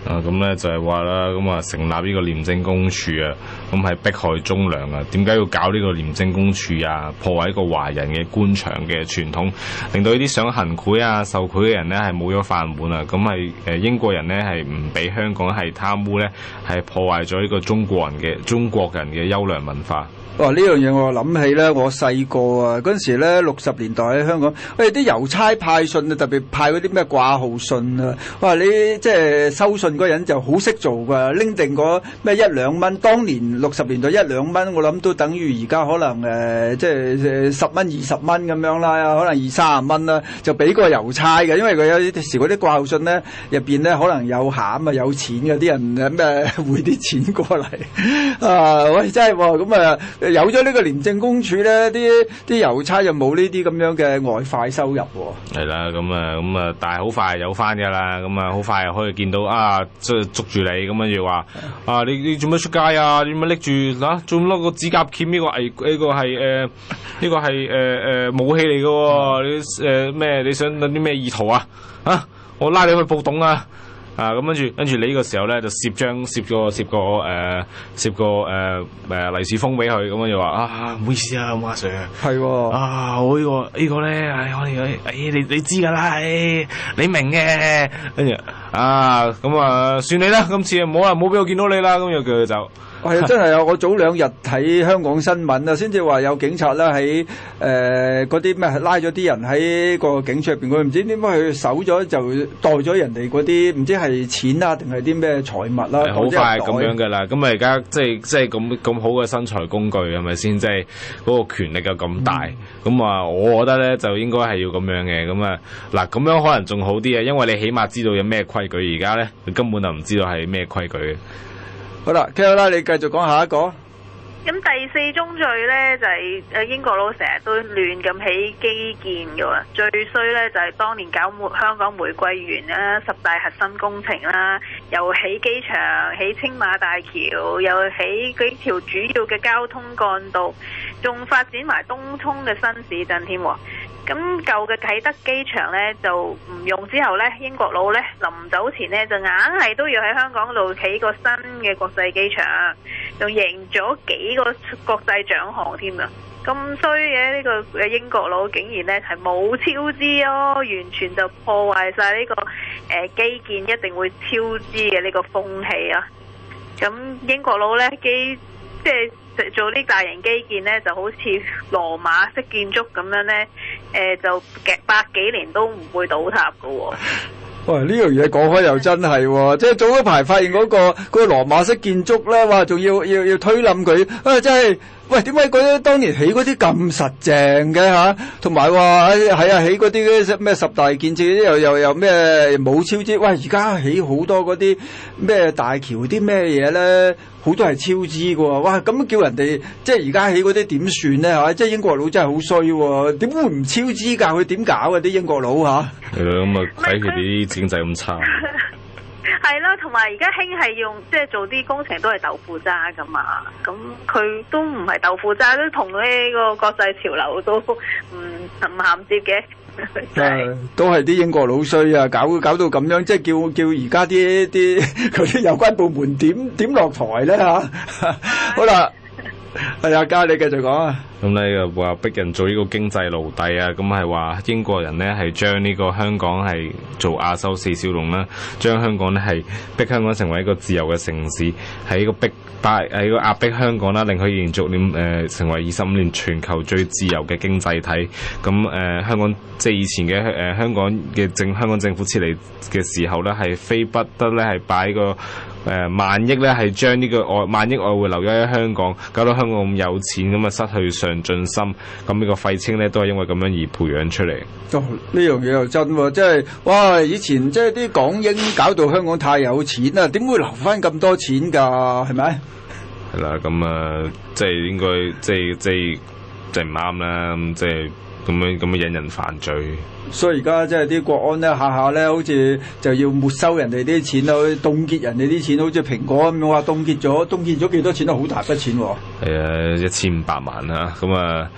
啊，咁咧就係話啦，咁啊成立呢個廉政公署啊，咁係迫害忠良啊？點解要搞呢個廉政公署啊？破壞一個華人嘅官場嘅傳統，令到呢啲想行賄啊、受賄嘅人咧係冇咗飯碗啊？咁係誒英國人咧係唔俾香港係貪污咧？係破壞咗呢個中國人嘅中國人嘅優良文化。哇！呢樣嘢我諗起咧，我細個啊，嗰陣時咧六十年代喺香港，喂、哎、啲郵差派信啊，特別派嗰啲咩掛號信啊，哇！你即係收信。個人就好識做㗎，拎定個咩一兩蚊，當年六十年代一兩蚊，我諗都等於而家可能誒、呃，即係十蚊二十蚊咁樣啦，可能二三十蚊啦，就俾個郵差嘅，因為佢有時嗰啲掛號信咧，入邊咧可能有餡啊，有錢嘅啲人咁誒匯啲錢過嚟啊、呃！喂，真係喎，咁、哦、啊、嗯呃、有咗呢個廉政公署咧，啲啲郵差就冇呢啲咁樣嘅外快收入喎、哦。係啦，咁啊，咁啊，但係好快有翻㗎啦，咁啊，好快就可以見到啊！即係捉住你咁樣要話，啊你你做乜出街啊？你做乜拎住啊，做乜攞個指甲鉗呢個危呢、呢個係誒呢個係誒誒武器嚟噶、啊？你誒咩、呃？你想諗啲咩意圖啊？啊！我拉你去暴動啊！啊，咁跟住，跟住你呢個時候咧，就攝張攝個攝個誒，攝個誒誒利是封俾佢，咁樣就話啊，唔好意思啊，咁阿 Sir，係喎，啊，我呢個呢個咧，我哋誒，你你知噶啦，你明嘅，跟住啊，咁啊，算你啦，今次啊，唔好啦，唔好俾我見到你啦，咁樣叫佢走。係 真係啊，我早兩日睇香港新聞啊，先至話有警察啦喺誒嗰啲咩拉咗啲人喺個警署入邊，佢唔知點解佢守咗就袋咗人哋嗰啲唔知係錢啦定係啲咩財物啦、啊，快就是就是、好快咁樣噶啦。咁啊而家即係即係咁咁好嘅生財工具係咪先？即係嗰個權力又咁大。咁啊、嗯，我覺得咧就應該係要咁樣嘅。咁啊嗱，咁樣可能仲好啲啊，因為你起碼知道有咩規矩。而家咧，你根本就唔知道係咩規矩。好啦，Kara，你繼續講下一個。咁第四宗罪呢，就係、是、英國佬成日都亂咁起基建噶。最衰呢，就係當年搞香港玫瑰園啦、十大核心工程啦，又起機場、起青馬大橋，又起幾條主要嘅交通幹道，仲發展埋東涌嘅新市鎮添。咁舊嘅啟德機場呢，就唔用之後呢，英國佬呢，臨走前呢，就硬係都要喺香港度起個新嘅國際機場，啊，仲贏咗幾個國際獎項添啊！咁衰嘅呢個英國佬竟然呢係冇超支囉，哦，完全就破壞晒呢個誒、呃、基建一定會超支嘅呢個風氣啊！咁英國佬呢，基即係。做做啲大型基建咧，就好似羅馬式建築咁樣咧，誒，就百幾年都唔會倒塌噶。喂，呢樣嘢講開又真係，即係早一排發現嗰個嗰個羅馬式建築咧，哇，仲要要要推冧佢啊！真係，喂，點解嗰啲當年起嗰啲咁實淨嘅吓，同埋話喺啊起嗰啲咩十大建設又又又咩冇超支？喂，而家起好多嗰啲咩大橋啲咩嘢咧？好多係超支嘅喎，哇！咁叫人哋即係而家起嗰啲點算咧嚇？即係英國佬真係好衰喎，點會唔超支㗎？佢點搞啊？啲英國佬嚇？係咯，咁啊睇佢啲資金制咁差。係咯，同埋而家興係用即係、就是、做啲工程都係豆腐渣噶嘛，咁佢都唔係豆腐渣，都同呢個國際潮流都唔唔銜接嘅。誒、啊，都係啲英國老衰啊！搞搞到咁樣，即係叫叫而家啲啲嗰啲有關部門點點落台咧吓、啊、好啦。哎呀嘉，你繼續講啊。咁咧又話逼人做呢個經濟奴隸啊，咁係話英國人咧係將呢個香港係做亞洲四小龍啦，將香港咧係逼香港成為一個自由嘅城市，喺個逼大喺個壓迫香港啦，令佢延續誒成為二十五年全球最自由嘅經濟體。咁誒、呃、香港即係、就是、以前嘅誒、呃、香港嘅政香港政府設立嘅時候咧係非不得咧係擺個。誒萬億咧係將呢個外萬億外匯留喺香港，搞到香港咁有錢咁啊，失去上進心，咁呢個廢青咧都係因為咁樣而培養出嚟。呢樣嘢又真喎，即係哇！以前即係啲港英搞到香港太有錢啦，點會留返咁多錢㗎？係咪？係啦，咁、嗯、啊，即係應該，即係即係即係唔啱啦，即係咁樣咁樣引人犯罪。所以而家即係啲國安咧下下咧，好似就要沒收人哋啲錢去凍結人哋啲錢，好似蘋果咁樣話凍結咗，凍結咗幾多錢都好大筆錢喎，啊。啊，一千五百萬啦，咁啊，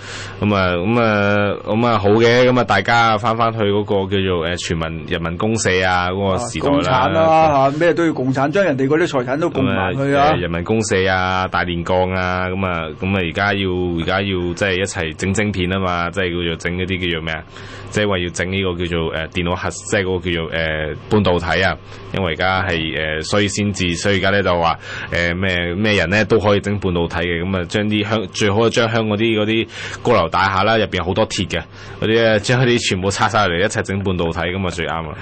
咁啊，咁啊，咁啊，啊好嘅，咁啊大家翻翻去嗰個叫做誒全民人民公社啊嗰、那個時代啦。啊、共產啦、啊、咩、啊、都要共產，將人哋嗰啲財產都共埋、啊、去啊，啊！人民公社啊，大煉鋼啊，咁啊，咁啊，而家要而家要即係、就是、一齊整晶片啊嘛，即係叫做整嗰啲叫做咩啊？即係話要整。就是製製整呢個叫做誒、呃、電腦核，即係嗰個叫做誒、呃、半導體啊。因為而家係誒，所以先至，所以而家咧就話誒咩咩人咧都可以整半導體嘅。咁啊，將啲香最好啊，將香港嗰啲嗰啲高樓大廈啦，入邊好多鐵嘅嗰啲啊，將佢啲全部拆晒嚟，一齊整半導體咁啊，這樣最啱啦。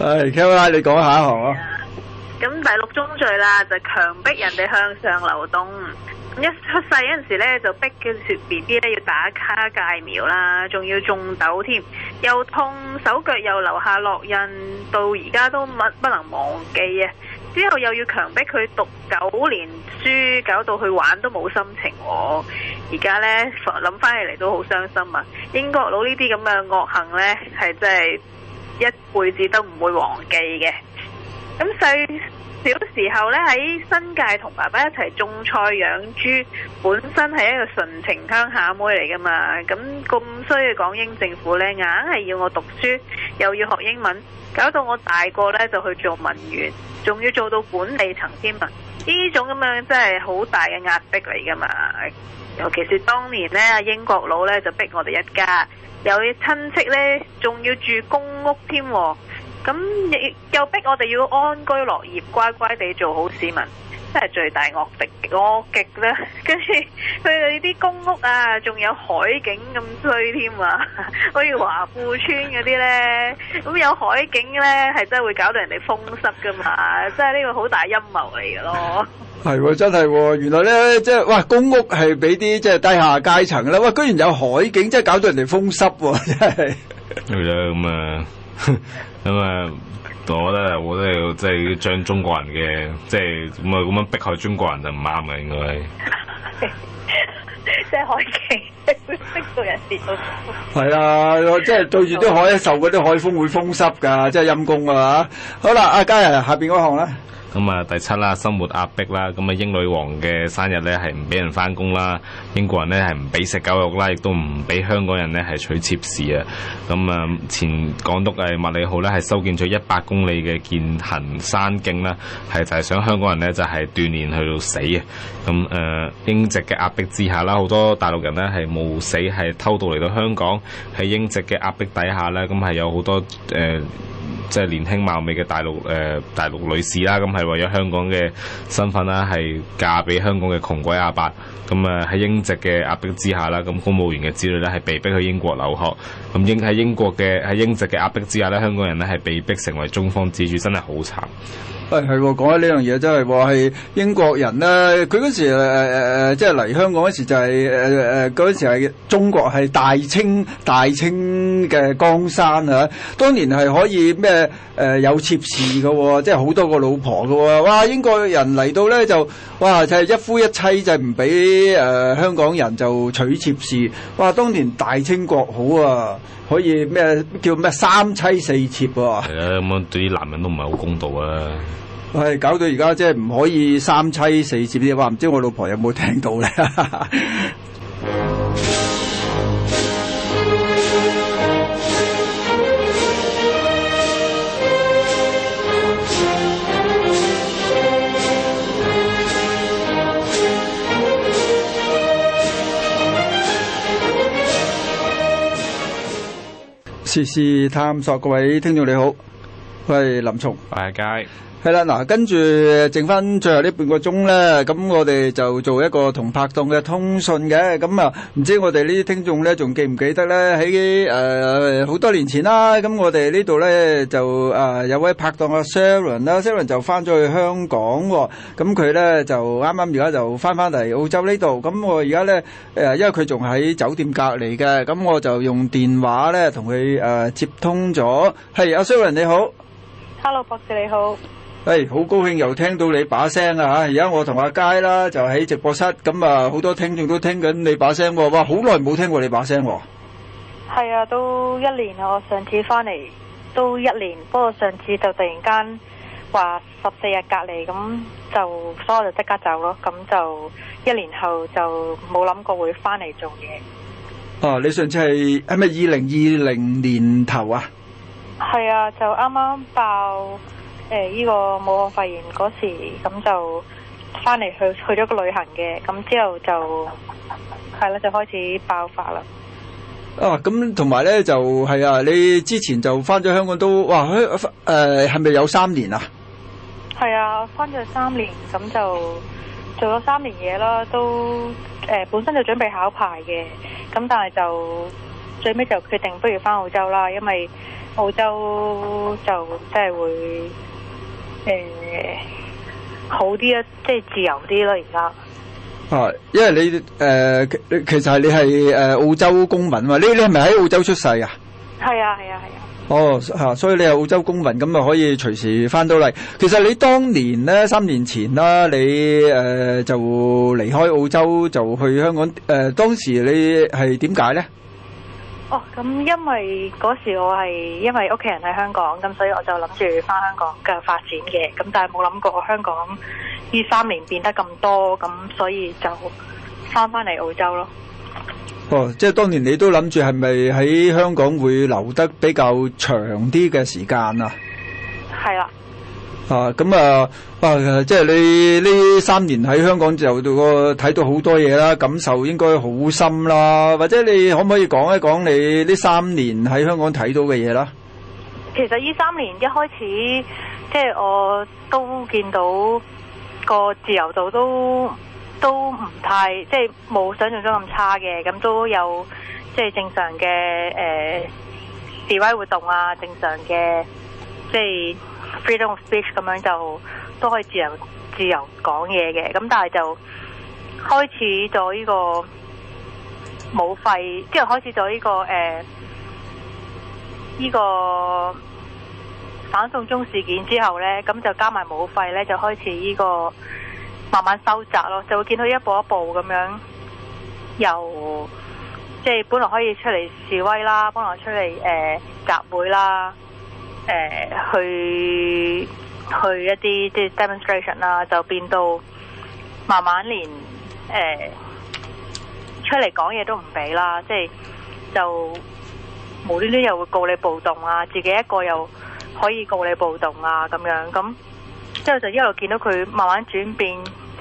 誒 k a 你講下一行啊。咁第六宗罪啦，就強迫人哋向上流動。一出世嗰陣時咧，就逼佢說 B B 咧要打卡介苗、打苗啦，仲要種痘添，又痛手腳，又留下烙印，到而家都勿不能忘記啊！之後又要強迫佢讀九年書，搞到去玩都冇心情。而家咧諗翻起嚟都好傷心啊！英國佬呢啲咁嘅惡行咧，係真係一輩子都唔會忘記嘅。咁細，小時候咧喺新界同爸爸一齊種菜養豬，本身係一個純情鄉下妹嚟噶嘛。咁咁衰嘅港英政府咧，硬係要我讀書，又要學英文，搞到我大個咧就去做文員，仲要做到管理層添。呢種咁樣真係好大嘅壓迫嚟噶嘛。尤其是當年咧，英國佬咧就逼我哋一家，有啲親戚咧仲要住公屋添。咁、嗯、又逼我哋要安居樂業，乖乖地做好市民，真係最大惡極惡極啦！跟住佢哋啲公屋啊，仲有海景咁衰添啊，好似華富村嗰啲咧，咁、嗯、有海景咧，係真係會搞到人哋風濕噶嘛！真係呢個好大陰謀嚟噶咯，係、啊、真係、啊，原來咧即係哇，公屋係俾啲即係低下階層啦喂，居然有海景，真係搞到人哋風濕、啊，真係係啦，咁啊。咁啊、嗯，我覺得我都得即係將中國人嘅，即係咁啊咁樣逼害中國人就唔啱嘅，應該。即係 海景，逼到人跌到。係 啊，即、就、係、是、對住啲海受嗰啲海風會風濕㗎，即係陰功㗎嘛。好啦，阿嘉人下面嗰行啦。咁啊，第七啦，生活壓迫啦，咁啊，英女王嘅生日呢，係唔俾人翻工啦，英國人呢，係唔俾食狗肉啦，亦都唔俾香港人呢，係取妾侍啊。咁啊，前港督誒麥理浩呢，係修建咗一百公里嘅健行山徑啦，係就係、是、想香港人呢，就係鍛鍊去到死啊。咁誒、呃，英殖嘅壓迫之下啦，好多大陸人呢，係冒死係偷渡嚟到香港，喺英殖嘅壓迫底下呢，咁係有好多誒。呃即係年輕貌美嘅大陸誒、呃、大陸女士啦，咁係為咗香港嘅身份啦，係嫁俾香港嘅窮鬼阿伯，咁啊喺英殖嘅壓迫之下啦，咁公務員嘅子女咧係被迫去英國留學，咁英喺英國嘅喺英殖嘅壓迫之下咧，香港人咧係被逼成為中方支柱，真係好慘。喂，係喎、哎，講緊呢樣嘢真係話係英國人咧，佢嗰時誒誒誒，即係嚟香港嗰時就係誒誒，嗰、呃、時係中國係大清大清嘅江山啊，當年係可以咩誒、呃、有妾侍噶，即係好多個老婆噶，哇！英國人嚟到咧就哇就係、一夫一妻就唔俾誒香港人就娶妾侍，哇！當年大清國好啊。可以咩叫咩三妻四妾喎？係啊，咁樣、啊、對啲男人都唔係好公道啊！係搞到而家即係唔可以三妻四妾啲話，唔知我老婆有冇聽到咧？ 時事探索，各位聽眾你好，我係林松，大家。係啦，嗱，跟住剩翻最後呢半個鐘咧，咁我哋就做一個同拍檔嘅通訊嘅，咁啊，唔知我哋呢啲聽眾咧，仲記唔記得咧？喺誒好多年前啦，咁我哋呢度咧就誒有位拍檔阿 Sharon 啦，Sharon 就翻咗去香港喎，咁佢咧就啱啱而家就翻翻嚟澳洲呢度，咁我而家咧誒，因為佢仲喺酒店隔離嘅，咁我就用電話咧同佢誒接通咗。係，阿 Sharon 你好，Hello 博士你好。誒，好、hey, 高興又聽到你把聲啦吓！而家我同阿佳啦就喺直播室，咁啊好多聽眾都聽緊你把聲喎。哇，好耐冇聽過你把聲喎。係啊，都一年啦。我上次翻嚟都一年，不過上次就突然間話十四日隔離，咁就所以我就即刻走咯。咁就一年後就冇諗過會翻嚟做嘢。哦、啊，你上次係咪二零二零年頭啊？係啊，就啱啱爆。誒、依、欸，呢個武漢肺炎嗰時，咁就翻嚟去去咗個旅行嘅，咁之後就係啦，就開始爆發啦。啊，咁同埋咧就係啊，你之前就翻咗香港都，哇，誒係咪有三年啊？係啊，翻咗三年，咁就做咗三年嘢啦，都誒、呃、本身就準備考牌嘅，咁但係就最尾就決定不如翻澳洲啦，因為澳洲就即係會。誒、嗯，好啲啊，即係自由啲啦。而家因為你誒、呃，其實你係誒澳洲公民嘛？你你係咪喺澳洲出世啊？係啊，係啊，係啊。哦，吓，所以你係澳洲公民，咁咪、啊啊啊啊哦、可以隨時翻到嚟。其實你當年咧，三年前啦，你誒、呃、就離開澳洲就去香港誒、呃。當時你係點解咧？哦，咁因為嗰時我係因為屋企人喺香港，咁所以我就諗住翻香港繼續發展嘅，咁但係冇諗過香港呢三年變得咁多，咁所以就翻翻嚟澳洲咯。哦，即係當年你都諗住係咪喺香港會留得比較長啲嘅時間啊？係啦。啊，咁啊，哇、啊！即係你呢三年喺香港自由度個睇到好多嘢啦，感受應該好深啦。或者你可唔可以講一講你呢三年喺香港睇到嘅嘢啦？其實呢三年一開始，即係我都見到個自由度都都唔太，即係冇想象中咁差嘅。咁都有即係正常嘅誒，呃、示威活動啊，正常嘅即係。Freedom of speech 咁樣就都可以自由自由講嘢嘅，咁但係就開始咗呢個武肺，即係開始咗呢、這個誒呢、呃這個反送中事件之後咧，咁就加埋武肺咧，就開始呢個慢慢收窄咯，就會見到一步一步咁樣，由即係、就是、本來可以出嚟示威啦，本來出嚟誒、呃、集會啦。誒、呃，去去一啲，即係 demonstration 啦，就變到慢慢連誒、呃、出嚟講嘢都唔俾啦，即、就、係、是、就無端端又會告你暴動啊，自己一個又可以告你暴動啊，咁樣咁之後就一路見到佢慢慢轉變，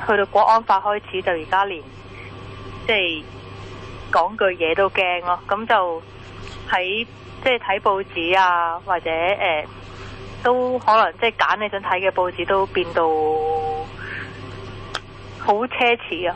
去到國安法開始就，就而家連即係講句嘢都驚咯，咁就喺。即係睇報紙啊，或者誒、欸，都可能即係揀你想睇嘅報紙，都變到好奢侈啊。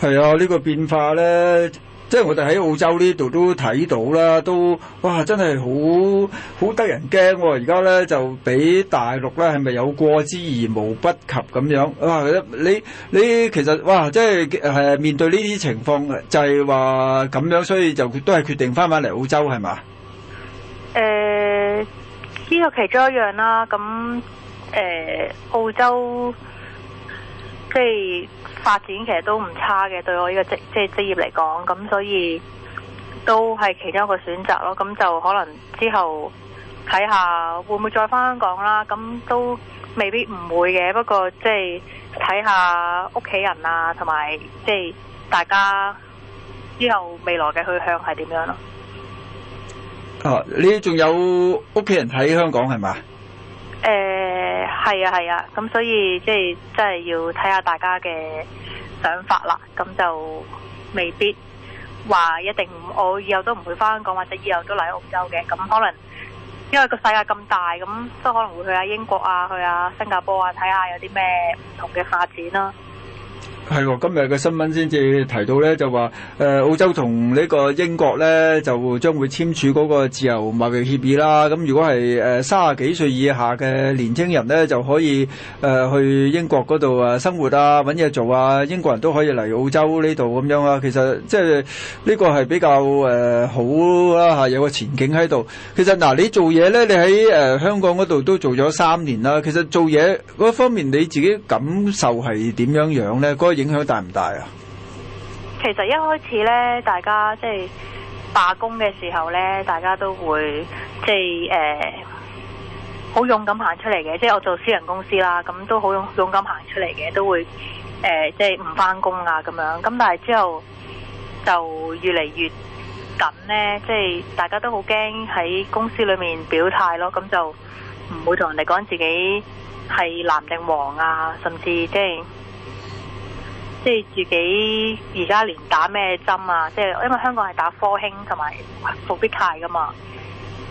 係啊，呢、這個變化咧，即係我哋喺澳洲呢度都睇到啦，都哇真係好好得人驚喎。而家咧就比大陸咧係咪有過之而無不及咁樣哇？你你其實哇，即係係面對呢啲情況，就係話咁樣，所以就都係決定翻返嚟澳洲係嘛。是誒，呢、呃這個其中一樣啦。咁誒、呃，澳洲即係發展其實都唔差嘅，對我呢個職即係職業嚟講，咁所以都係其中一個選擇咯。咁就可能之後睇下會唔會再返香港啦。咁都未必唔會嘅。不過即係睇下屋企人啊，同埋即係大家之後未來嘅去向係點樣咯。啊、你仲有屋企人喺香港係咪？誒，係啊係啊，咁、啊、所以即係真係要睇下大家嘅想法啦，咁就未必話一定不我以後都唔會返香港，或者以後都嚟澳洲嘅，咁可能因為個世界咁大，咁都可能會去下英國啊，去下新加坡啊，睇下有啲咩唔同嘅發展啦、啊。係喎，今日嘅新聞先至提到咧，就話誒、呃、澳洲同呢個英國咧，就將會簽署嗰個自由貿易協議啦。咁如果係三十幾歲以下嘅年輕人咧，就可以誒、呃、去英國嗰度啊生活啊，揾嘢做啊，英國人都可以嚟澳洲呢度咁樣啊。其實即係呢個係比較誒、呃、好啦、吓、有個前景喺度。其實嗱、呃，你做嘢咧，你喺、呃、香港嗰度都做咗三年啦。其實做嘢嗰方面你自己感受係點樣樣咧？影響大唔大啊？其實一開始呢，大家即係罷工嘅時候呢，大家都會即係誒，好、就是呃、勇敢行出嚟嘅。即、就、係、是、我做私人公司啦，咁都好勇勇敢行出嚟嘅，都會誒，即係唔返工啊，咁樣。咁但係之後就越嚟越緊呢，即、就、係、是、大家都好驚喺公司裏面表態咯，咁就唔會同人哋講自己係藍定黃啊，甚至即係。就是即係自己而家連打咩針啊，即係因為香港係打科興同埋復必泰噶嘛，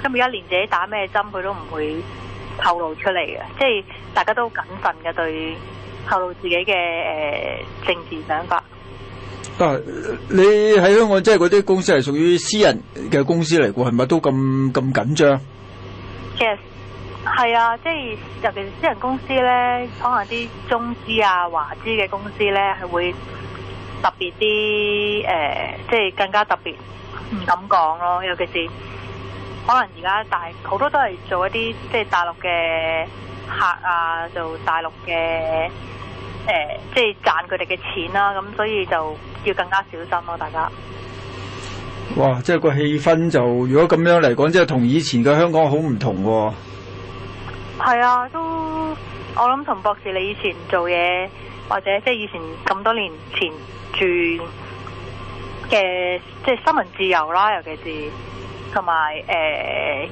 咁而家連自己打咩針佢都唔會透露出嚟嘅。即係大家都謹慎嘅對透露自己嘅誒、呃、政治想法。啊，你喺香港即係嗰啲公司係屬於私人嘅公司嚟，噶係咪都咁咁緊張？Yes。係啊，即係尤其私人公司咧，可能啲中資啊、華資嘅公司咧，係會特別啲誒，即係更加特別，唔敢講咯。尤其是可能而家大好多都係做一啲即係大陸嘅客啊，做大陸嘅誒，即係賺佢哋嘅錢啦、啊。咁所以就要更加小心咯，大家。哇！即係個氣氛就如果咁樣嚟講，即係同以前嘅香港好唔同喎。係啊，都我諗同博士你以前做嘢，或者即係以前咁多年前住嘅，即係新聞自由啦，尤其是同埋誒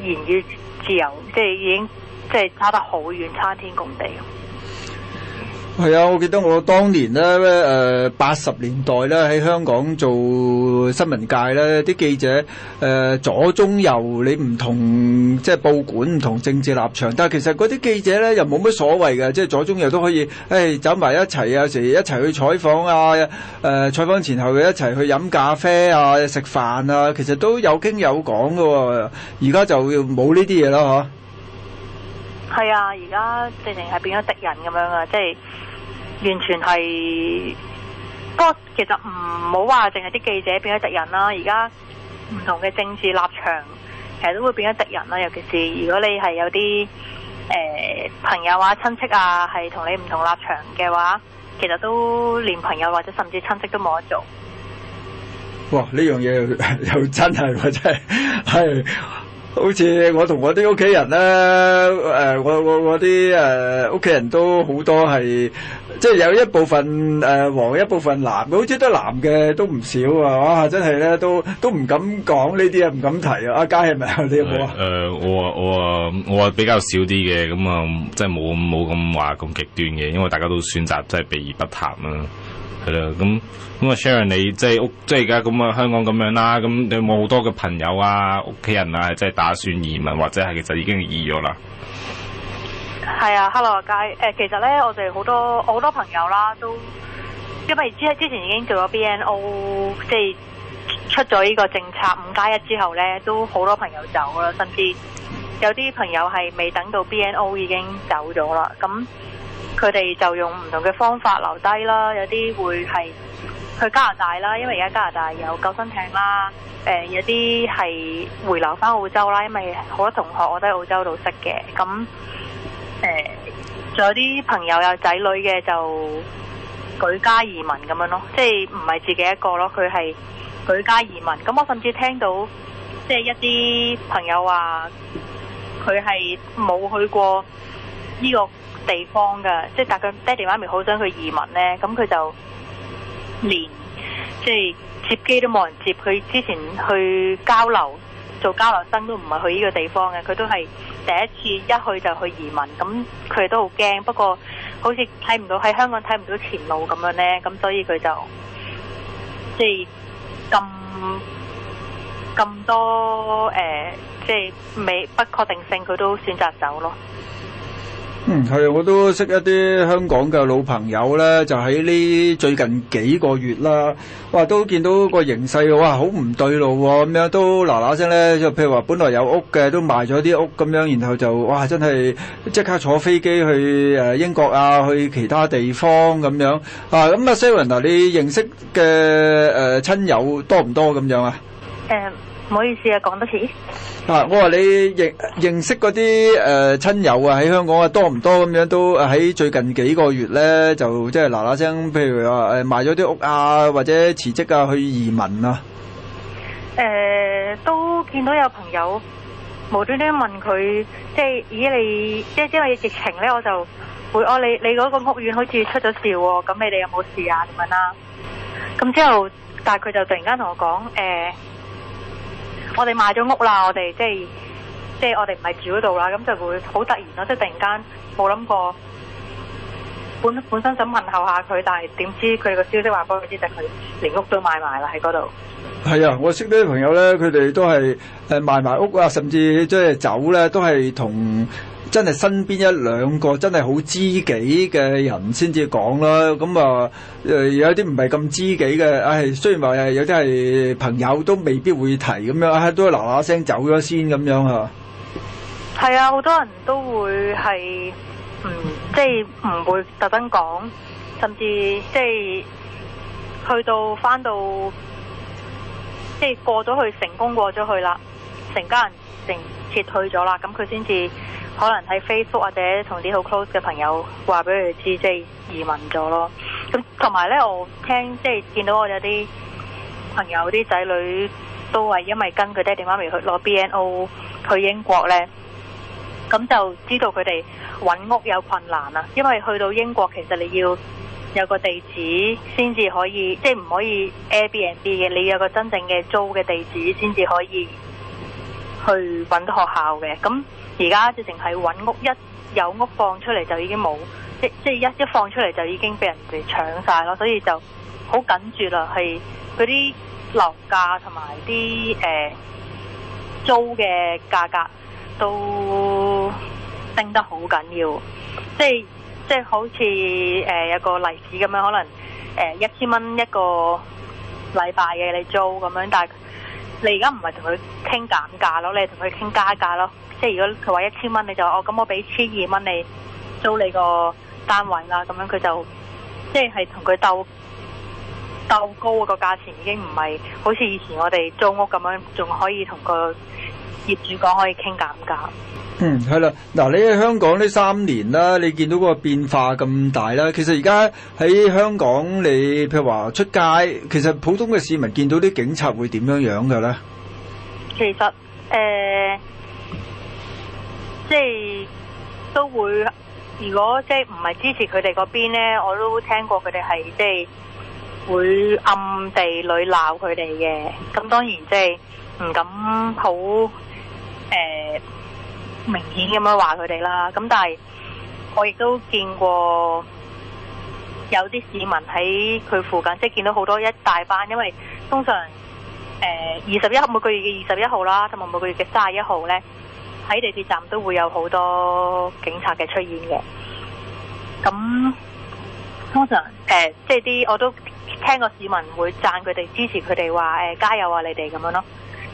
言語自由，即係已經即係差得好遠，差天共地了。係啊，我記得我當年咧，誒八十年代咧喺香港做新聞界咧，啲記者、呃、左中右，你唔同即係報館唔同政治立場，但係其實嗰啲記者咧又冇乜所謂嘅，即係左中右都可以，誒、哎、走埋一齊啊，成日一齊去採訪啊，誒、呃、採訪前後一齊去飲咖啡啊、食飯啊，其實都有傾有講喎、哦。而家就冇呢啲嘢啦，啊係啊，而家直情係變咗敵人咁樣啊，即係完全係。不過其實唔好話淨係啲記者變咗敵人啦，而家唔同嘅政治立場其實都會變咗敵人啦。尤其是如果你係有啲誒、呃、朋友啊、親戚啊，係同你唔同立場嘅話，其實都連朋友或者甚至親戚都冇得做。哇！呢樣嘢又真係，我真係係。哎好似我同我啲屋企人咧，誒、呃，我我我啲誒屋企人都好多係，即係有一部分誒、呃、黃，一部分藍，好似得藍嘅都唔少啊！哇，真係咧，都都唔敢講呢啲啊，唔敢提啊！阿佳係咪你有冇啊？誒、呃，我啊，我啊，我啊比較少啲嘅，咁啊，即係冇冇咁話咁極端嘅，因為大家都選擇即係避而不談啦、啊。係啦，咁咁啊，Sharon 你即係屋，即係而家咁啊，香港咁樣啦，咁你有冇好多嘅朋友啊、屋企人啊，即係打算移民或者係其實已經移咗啦？係啊，Hello 阿佳，誒，其實咧，我哋好多好多朋友啦，都因為之之前已經做咗 BNO，即係出咗呢個政策五加一之後咧，都好多朋友走啦，甚至有啲朋友係未等到 BNO 已經走咗啦，咁。佢哋就用唔同嘅方法留低啦，有啲會係去加拿大啦，因為而家加拿大有救生艇啦，誒有啲係回流返澳洲啦，因為好多同學我都喺澳洲度識嘅，咁誒仲有啲朋友有仔女嘅就舉家移民咁樣咯，即係唔係自己一個咯，佢係舉家移民。咁我甚至聽到即係、就是、一啲朋友話佢係冇去過呢、這個。地方噶，即係但佢爹哋媽咪好想去移民咧，咁佢就連即係、就是、接機都冇人接。佢之前去交流做交流生都唔係去呢個地方嘅，佢都係第一次一去就去移民。咁佢哋都好驚，不過好似睇唔到喺香港睇唔到前路咁樣咧，咁所以佢就即係咁咁多誒，即係未不確定性，佢都選擇走咯。嗯，係，我都識一啲香港嘅老朋友咧，就喺呢最近幾個月啦，哇，都見到個形勢，哇，好唔對路喎、啊，咁樣都嗱嗱聲咧，就譬如話本來有屋嘅都賣咗啲屋咁樣，然後就哇，真係即刻坐飛機去誒英國啊，去其他地方咁樣。啊，咁啊，Sylvan 啊，你認識嘅誒、呃、親友多唔多咁樣啊？誒。嗯唔好意思啊，講多次。啊，我話你認認識嗰啲誒親友啊，喺香港啊多唔多咁樣？都喺最近幾個月咧，就即係嗱嗱聲，譬如話誒賣咗啲屋啊，或者辭職啊，去移民啊。誒、啊，都見到有朋友無端端問佢，即係以你即係因為疫情咧，我就會哦、哎，你你嗰個屋苑好似出咗事喎，咁你哋有冇事啊？咁樣啦、啊。咁之後，但係佢就突然間同我講誒。啊我哋賣咗屋啦，我哋即係即係我哋唔係住嗰度啦，咁就會好突然咯，即係突然間冇諗過本，本本身想問候下佢，但係點知佢嘅消息話俾佢知，佢就佢連屋都賣埋啦喺嗰度。係啊，我識啲朋友咧，佢哋都係誒賣埋屋啊，甚至即係走咧，都係同。真係身邊一兩個真係好知己嘅人先至講啦，咁啊誒有啲唔係咁知己嘅，誒、哎、雖然話有啲係朋友都未必會提咁、哎、樣，都係嗱嗱聲走咗先咁樣啊，係啊，好多人都會係唔、嗯、即係唔會特登講，甚至即係去到返到即係過咗去成功過咗去啦，成家人成撤退咗啦，咁佢先至。可能喺 Facebook 或者同啲好 close 嘅朋友話俾佢哋知，即係移民咗咯。咁同埋咧，我聽即係見到我有啲朋友啲仔女都係因為跟佢爹哋媽咪去攞 BNO 去英國咧，咁就知道佢哋揾屋有困難啊。因為去到英國，其實你要有個地址先至可以，即係唔可以 Airbnb 嘅，你有個真正嘅租嘅地址先至可以去揾到學校嘅。咁。嗯而家直情淨係搵屋，一有屋放出嚟就已經冇，即即係一一放出嚟就已經俾人哋搶晒咯，所以就好緊住啦，係嗰啲樓價同埋啲誒租嘅價格都升得好緊要，即係即係好似誒、呃、有個例子咁樣，可能誒、呃、一千蚊一個禮拜嘅你租咁樣，但係你而家唔係同佢傾減價咯，你同佢傾加價咯。即係如果佢話一千蚊，你就哦咁，我俾千二蚊你租你個單位啦。咁樣佢就即係同佢鬥鬥高個價錢，已經唔係好似以前我哋租屋咁樣，仲可以同個業主講可以傾減價。嗯，係啦。嗱，你喺香港呢三年啦，你見到個變化咁大啦。其實而家喺香港，你譬如話出街，其實普通嘅市民見到啲警察會點樣樣嘅咧？其實誒。呃即係都會，如果即係唔係支持佢哋嗰邊咧，我都聽過佢哋係即係會暗地裏鬧佢哋嘅。咁當然即係唔敢好誒、呃、明顯咁樣話佢哋啦。咁但係我亦都見過有啲市民喺佢附近，即係見到好多一大班，因為通常誒二十一號每個月嘅二十一號啦，同埋每個月嘅三十一號咧。喺地鐵站都會有好多警察嘅出現嘅，咁通常誒，即係啲我都聽過市民會讚佢哋，支持佢哋，話誒，加油啊，你哋咁樣咯，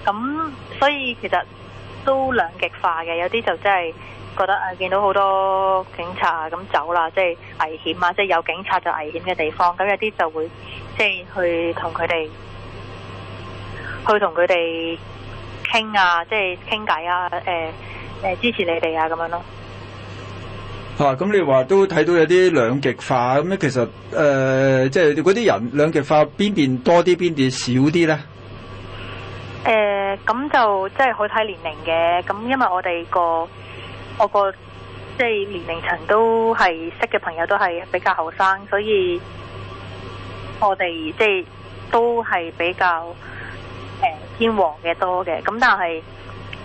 咁所以其實都兩極化嘅，有啲就真係覺得誒、啊、見到好多警察啊，咁走啦，即係危險啊，即係有警察就危險嘅地方，咁有啲就會即係去同佢哋去同佢哋傾啊，即係傾偈啊，誒、呃、誒、呃，支持你哋啊，咁樣咯。吓、啊，咁你話都睇到有啲兩極化，咁其實誒，即係嗰啲人兩極化邊邊多啲，邊邊少啲咧？誒、呃，咁就即係好睇年齡嘅，咁因為我哋個我個即係、即係、年齡層都係識嘅朋友都係比較後生，所以我哋即係都係比較。誒，偏黃嘅多嘅，咁但係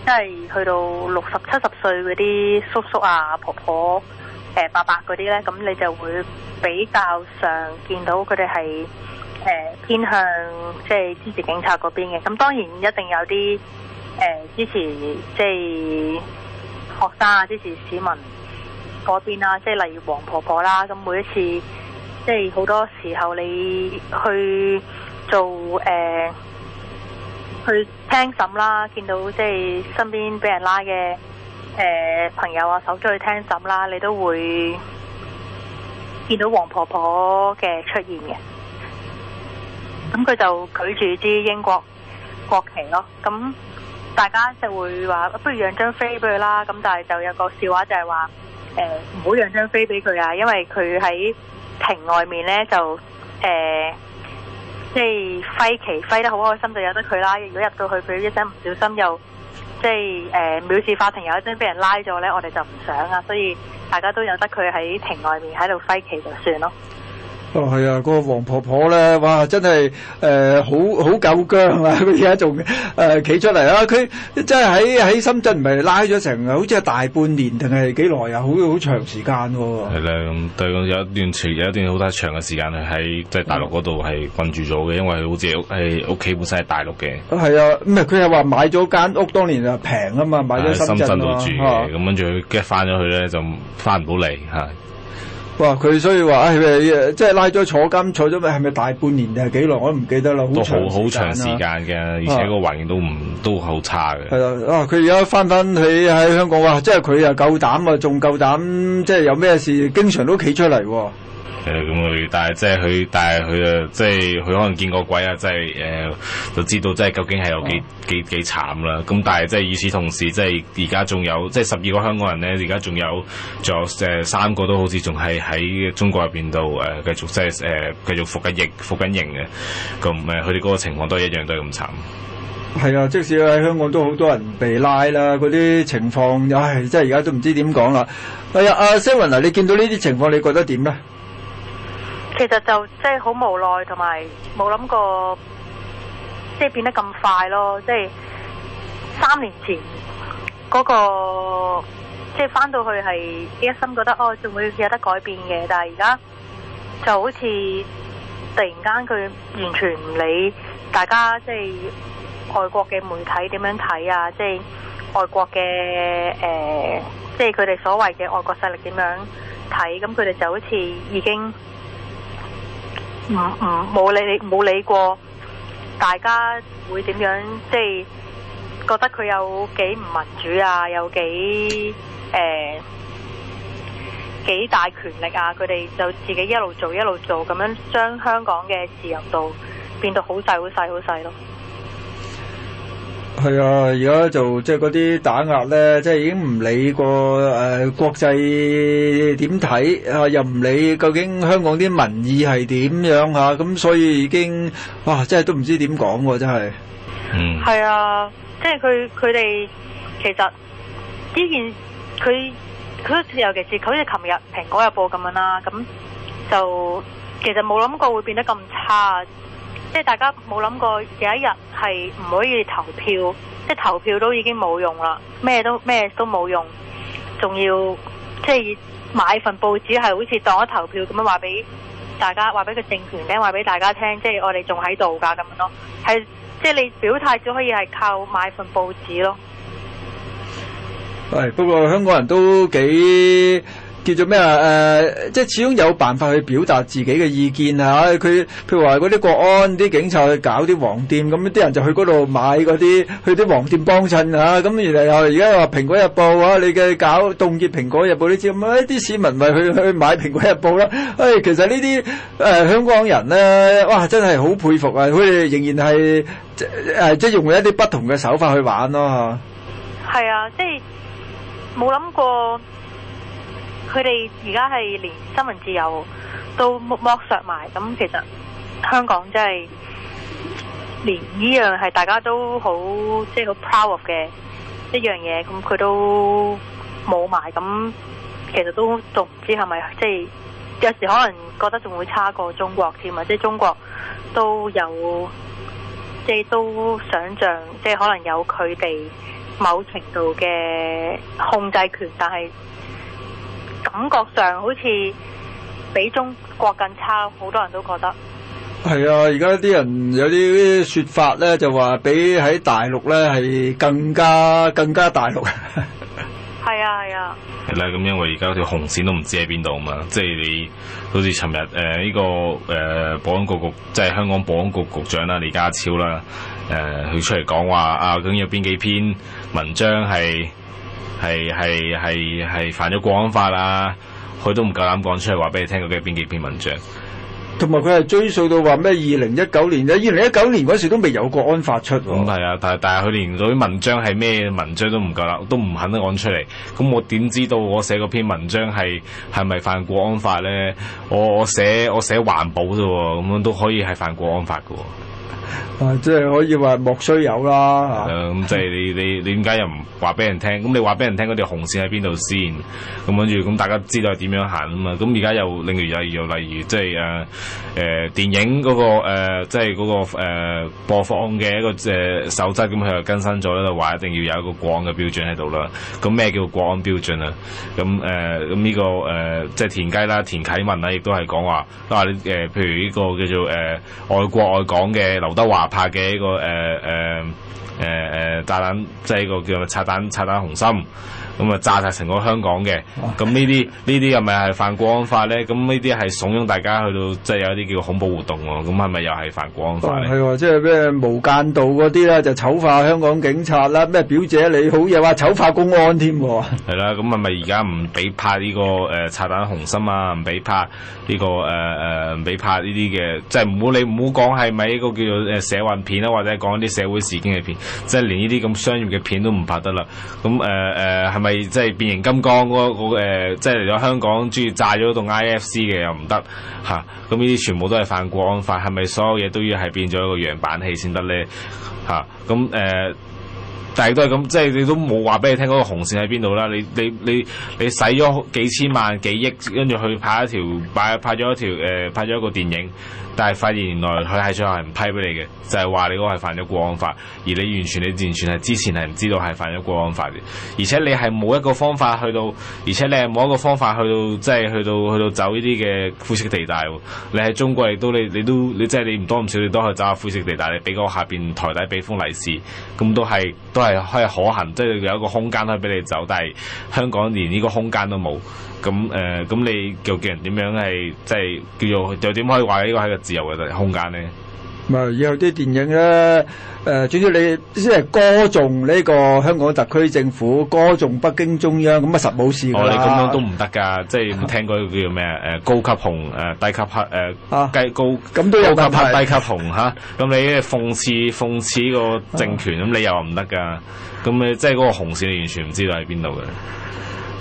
即係去到六十七十歲嗰啲叔叔啊、婆婆誒、呃、伯伯嗰啲咧，咁你就會比較上見到佢哋係誒偏向即係、就是、支持警察嗰邊嘅。咁當然一定有啲誒、呃、支持即係、就是、學生啊、支持市民嗰邊啦。即、就、係、是、例如黃婆婆啦，咁每一次即係好多時候你去做誒。呃去聽審啦，見到即係身邊俾人拉嘅誒朋友啊，走出去聽審啦，你都會見到王婆婆嘅出現嘅。咁佢就舉住啲英國國旗咯，咁大家就會話不如讓張飛俾佢啦。咁但係就有個笑話就係話，誒唔好讓張飛俾佢啊，因為佢喺庭外面咧就誒。呃即係揮旗揮得好開心，就由得佢啦。如果入到去佢一陣唔小心又即係誒藐視法庭，有一陣俾人拉咗呢，我哋就唔想啊。所以大家都有得佢喺庭外面喺度揮旗就算咯。哦，係啊，嗰個黃婆婆咧，哇，真係誒，好好狗僵啊！佢而家仲誒企出嚟啊，佢真係喺喺深圳唔係拉咗成，好似係大半年定係幾耐啊？好好長時間喎、啊。係啦，咁對，有一段長，有一段好、就是、大長嘅時間係喺即係大陸嗰度係困住咗嘅，因為好似係屋企本身係大陸嘅。係啊，唔係佢係話買咗間屋，當年啊平啊嘛，買咗深圳、啊、深圳住，咁跟住佢一翻咗去咧，就翻唔到嚟吓。哇！佢所以話誒、哎，即係拉咗坐監，坐咗咪係咪大半年定係幾耐？我都唔記得啦，好都好很好長時間嘅、啊，而且個環境都唔、啊、都好差嘅。係啦，啊！佢而家翻返去喺香港話即係佢又夠膽啊，仲夠膽即係有咩事，經常都企出嚟喎、啊。誒，咁但係即係佢，但係佢啊，即係佢可能見過鬼啊，即係誒、呃，就知道即係究竟係有幾、哦、幾幾慘啦。咁但係即係與此同時，即係而家仲有即係十二個香港人咧，而家仲有仲有誒三個都好似仲係喺中國入邊度誒，繼、呃、續即係誒，繼續服緊役服緊刑嘅。咁誒，佢哋嗰個情況都一樣，都係咁慘。係啊，即使喺香港都好多人被拉啦，嗰啲情況，唉、哎，真係而家都唔知點講啦。係、哎、啊，阿 Seven 嗱，你見到呢啲情況，你覺得點咧？其實就即係好無奈，同埋冇諗過即係變得咁快咯。即係三年前嗰個，即係翻到去係一心覺得哦，仲會有得改變嘅。但係而家就好似突然間佢完全唔理大家，即係外國嘅媒體點樣睇啊，即係外國嘅誒，即係佢哋所謂嘅外國勢力點樣睇？咁佢哋就好似已經。唔唔冇理冇理過，大家會點樣？即係覺得佢有幾唔民主啊？有幾誒幾大權力啊？佢哋就自己一路做一路做，咁樣將香港嘅自由度變到好細好細好細咯。係啊，而家就即係嗰啲打壓咧，即係已經唔理個誒、呃、國際點睇啊，又唔理究竟香港啲民意係點樣啊。咁所以已經哇、啊，真係都唔知點講喎，真係。嗯。係啊，即係佢佢哋其實呢件，佢佢尤其是佢似琴日蘋果日報咁樣啦，咁就其實冇諗過會變得咁差。即係大家冇諗過有一日係唔可以投票，即係投票都已經冇用啦，咩都咩都冇用，仲要即係買份報紙係好似當咗投票咁樣話俾大家，話俾個政權聽，話俾大家聽，即係我哋仲喺度噶咁樣咯，係即係你表態只可以係靠買份報紙咯。係不過香港人都幾。叫做咩啊？誒、呃，即係始終有辦法去表達自己嘅意見啊！佢譬如話嗰啲國安啲警察去搞啲黃店，咁啲人就去嗰度買嗰啲，去啲黃店幫襯啊！咁原來又而家話《蘋果日報》啊，你嘅搞凍結《蘋果日報》啲招，誒啲市民咪去去買《蘋果日報》咯？誒，其實呢啲誒香港人咧，哇，真係好佩服啊！佢哋仍然係誒即係用一啲不同嘅手法去玩咯嚇。係啊，即係冇諗過。佢哋而家係連新聞自由都剝削埋，咁其實香港真係連呢樣係大家都好即係好 proud 嘅一樣嘢，咁佢都冇埋，咁其實都仲唔知係咪即係有時可能覺得仲會差過中國添啊！即係中國都有即係都想象，即係可能有佢哋某程度嘅控制權，但係。感覺上好似比中國更差，好多人都覺得係啊！而家啲人有啲說法咧，就話比喺大陸咧係更加更加大陸。係啊係啊。係啦，咁因為而家條紅線都唔知喺邊度嘛，即係你好似尋日誒呢個誒保安局局即係香港保安局局長啦李家超啦，誒佢出嚟講話啊，咁有邊幾篇文章係。係係係係犯咗國安法啦，佢都唔夠膽講出嚟話俾你聽，佢嘅邊幾篇文章？同埋佢係追溯到話咩？二零一九年咧，二零一九年嗰時候都未有國安法出。咁係、嗯、啊，但係但係佢連嗰啲文章係咩文章都唔夠啦，都唔肯得講出嚟。咁我點知道我寫嗰篇文章係係咪犯國安法咧？我我寫我寫環保啫，咁樣都可以係犯國安法噶。啊，即、就、係、是、可以話莫須有啦，咁即係你你你點解又唔話俾人聽？咁你話俾人聽嗰條紅線喺邊度先？咁跟住咁大家知道點樣行啊嘛？咁而家又例如又又例如即係誒誒電影嗰、那個誒即係嗰個誒、呃、播放嘅一個誒、呃、守則，咁佢又更新咗啦，話一定要有一個國安嘅標準喺度啦。咁咩叫國安標準啊？咁誒咁呢個誒即係田雞啦，田啟文啦，亦都係講話誒，譬、啊、如呢個叫做誒愛、呃、國愛港嘅。劉德華拍嘅一個誒誒誒誒炸彈，即係個叫做拆彈拆彈紅心。咁啊炸晒成個香港嘅，咁呢啲呢啲又咪係犯國安法咧？咁呢啲係慫恿大家去到即係、就是、有啲叫恐怖活動喎、啊，咁係咪又係犯國安法？係喎、啊啊，即係咩無間道嗰啲啦，就醜化香港警察啦，咩表姐你好嘢話醜化公安添喎、啊？係啦、啊，咁係咪而家唔俾拍呢、這個誒拆、呃、彈紅心啊，唔俾拍呢、這個誒誒唔俾拍呢啲嘅，即係唔好你唔好講係咪一個叫做誒社運片啦，或者講一啲社會事件嘅片，即、就、係、是、連呢啲咁商業嘅片都唔拍得啦。咁誒誒係咪？呃是係即係變形金剛嗰個誒，即係嚟咗香港，中意炸咗棟 I F C 嘅又唔得吓。咁呢啲全部都係犯國安法，係咪所有嘢都要係變咗一個樣板戲先得咧吓咁誒。啊但係都係咁，即係你都冇話俾你聽個紅線喺邊度啦。你你你你使咗幾千萬幾億，跟住去拍一條，擺拍咗一條，誒，拍咗一個電影，但係發現原來佢係最後係唔批俾你嘅，就係話你嗰個係犯咗國安法，而你完全你完全係之前係唔知道係犯咗國安法嘅，而且你係冇一個方法去到，而且你係冇一個方法去到，即係去到去到走呢啲嘅灰色地帶，你喺中國都你,你都你你都你即係你唔多唔少，你都係走下灰色地帶，你俾個下邊台底俾封利是，咁都係。都係。係係可行，即係有一個空間可以俾你走，但係香港連呢個空間都冇，咁誒，咁你叫叫人點樣係即係叫做又點可以話呢個係個自由嘅空間咧？唔以後啲電影咧。誒、呃，主要你即係歌頌呢個香港特區政府，歌頌北京中央，咁啊實冇事我哋咁樣都唔得㗎，的即係聽過叫咩啊？呃？高級紅，誒低級黑，誒、呃、計、啊、高咁都有關低級紅嚇，咁、啊啊、你諷刺的諷刺個政權，咁、啊、你又唔得㗎。咁你，即係嗰個紅線，你完全唔知道喺邊度嘅。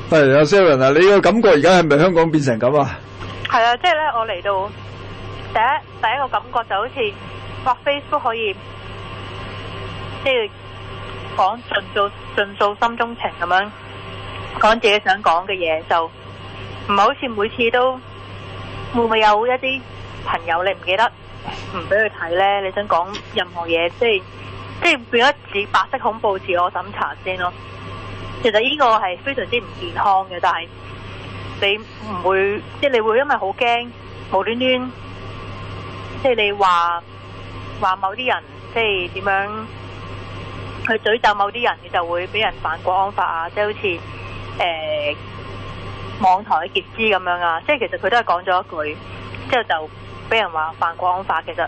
係啊 Sullivan 啊，aren, 你個感覺而家係咪香港變成咁啊？係啊，即係咧，我嚟到第一第一個感覺就好似 Facebook 可以。即係講盡訴盡訴心中情咁樣，講自己想講嘅嘢就唔係好似每次都會唔會有一啲朋友你唔記得唔俾佢睇咧？你想講任何嘢，即係即係變咗自白色恐怖自我審查先咯。其實呢個係非常之唔健康嘅，但係你唔會即係你會因為好驚無端端，即係你話話某啲人即係點樣？佢詛咒某啲人，你就會俾人犯國安法啊！即係好似誒網台劫資咁樣啊！即係其實佢都係講咗一句，之後就俾人話犯國安法。其實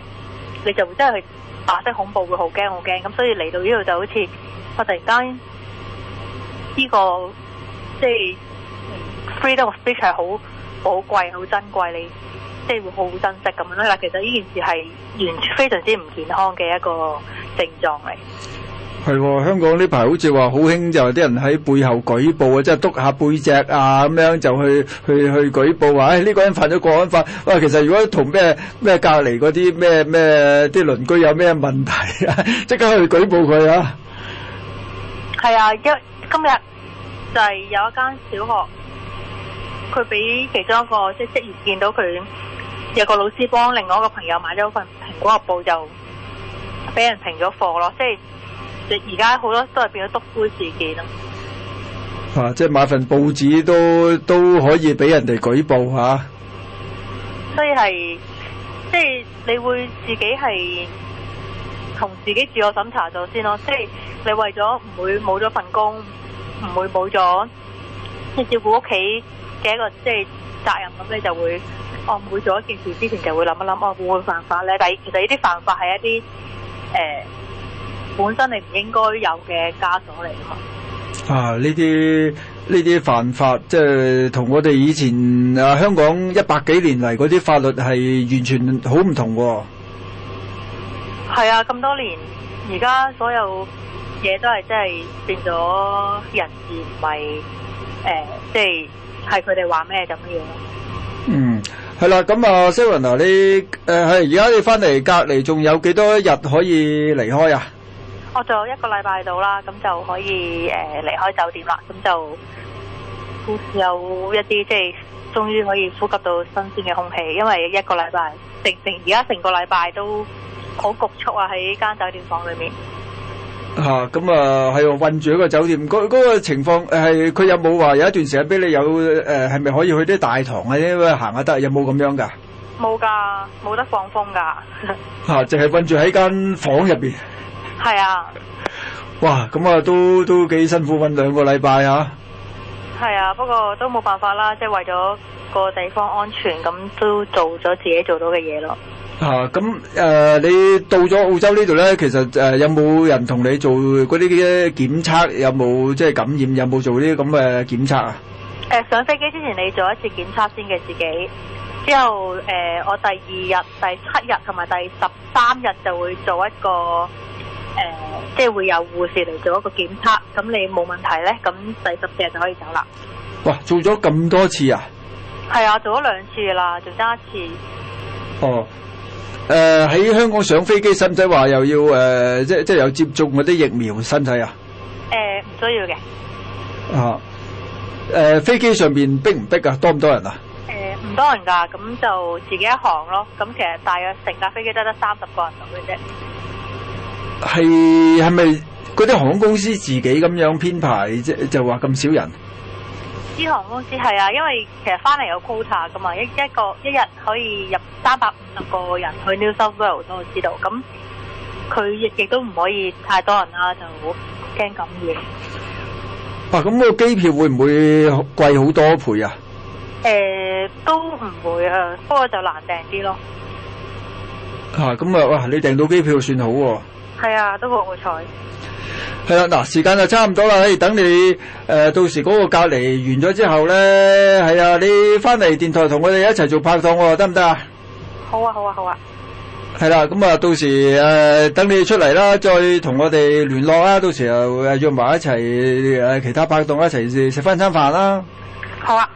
你就真係白色恐怖，會好驚好驚，咁，所以嚟到呢度就好似我突然間呢個即係 freedom of speech 係好寶貴好珍貴，你即係會好珍惜咁樣啦。其實呢件事係完全非常之唔健康嘅一個症狀嚟。係、哦、香港呢排好似話好興，就啲人喺背後舉報啊，即係篤下背脊啊咁樣，就去去去舉報話，哎呢、呢個人犯咗國安法。哇，其實如果同咩咩隔籬嗰啲咩咩啲鄰居有咩問題，即刻去舉報佢啊！係啊，因今日就係有一間小學，佢俾其中一個即係職業見到佢，有一個老師幫另外一個朋友買咗份蘋被人評了《蘋果日報》，就俾人停咗課咯，即係。而家好多都係變咗篤灰事件、啊，咯、啊，啊！即係買份報紙都都可以俾人哋舉報吓，所以係即係你會自己係同自己自我審查咗先咯，即、就、係、是、你為咗唔會冇咗份工，唔、嗯、會冇咗即係照顧屋企嘅一個即係責任咁，你就會哦，唔會做一件事之前就會諗一諗哦，我會唔會犯法咧？但係其實呢啲犯法係一啲誒。呃本身你唔應該有嘅枷鎖嚟嘅啊！呢啲呢啲犯法，即係同我哋以前啊，香港一百幾年嚟嗰啲法律係完全好唔同。係啊，咁、啊、多年而家所有嘢都係真係變咗人治唔係，誒，即係係佢哋話咩就咩嘢咯。嗯，係啦、啊。咁啊 Sylvia 你誒係而家你翻嚟隔離，仲有幾多日可以離開啊？我仲有一個禮拜到啦，咁就可以誒離開酒店啦。咁就故事有一啲即係終於可以呼吸到新鮮嘅空氣，因為一個禮拜成成而家成個禮拜都好局促啊！喺間酒店房裏面啊，咁啊係、啊、困住喺個酒店，嗰嗰、嗰個情況係佢有冇話有，有一段時間俾你有誒係咪可以去啲大堂啊啲行下得？有冇咁樣噶？冇噶，冇得放風噶。 啊，淨係困住喺間房入邊。係啊！哇，咁啊，都都幾辛苦，瞓兩個禮拜啊！係啊，不過都冇辦法啦，即係為咗個地方安全，咁都做咗自己做到嘅嘢咯。啊，咁、嗯、誒、呃，你到咗澳洲呢度呢，其實誒、呃，有冇人同你做嗰啲嘅檢測？有冇即係感染？有冇做啲咁嘅檢測啊、呃？上飛機之前你做一次檢測先嘅自己，之後誒、呃，我第二日、第七日同埋第十三日就會做一個。誒、呃，即係會有護士嚟做一個檢測，咁你冇問題咧，咁第十四日就可以走啦。哇，做咗咁多次啊？係啊，做咗兩次啦，做第一次。哦，誒、呃，喺香港上飛機使唔使話又要誒、呃，即即係有接種嗰啲疫苗身體啊？誒、呃，唔需要嘅。哦、啊，誒、呃，飛機上面逼唔逼啊？多唔多人啊？誒、呃，唔多人噶，咁就自己一行咯。咁其實大約成架飛機都得三十個人到嘅啫。係係咪嗰啲航空公司自己咁樣編排啫？就話咁少人？啲航空公司係啊，因為其實翻嚟有 quota 噶嘛，一一個一日可以入三百五十個人去 New South Wales，我知道。咁、嗯、佢亦亦都唔可以太多人啦，就驚咁嘢。啊，咁、嗯個機票會唔會貴好多倍啊？誒、呃，都唔會啊，不過就難訂啲咯。啊，咁、嗯、啊，哇！你訂到機票算好喎、啊。係啊，都好彩。係啦，嗱，時間就差唔多啦。誒，等你誒、呃，到時嗰個隔離完咗之後咧，係啊，你翻嚟電台同我哋一齊做拍檔、哦，得唔得啊？好啊，好啊，好啊。係啦，咁啊，到時誒、呃，等你出嚟啦，再同我哋聯絡啦。到時又約埋一齊誒，其他拍檔一齊食翻餐飯啦。好啊。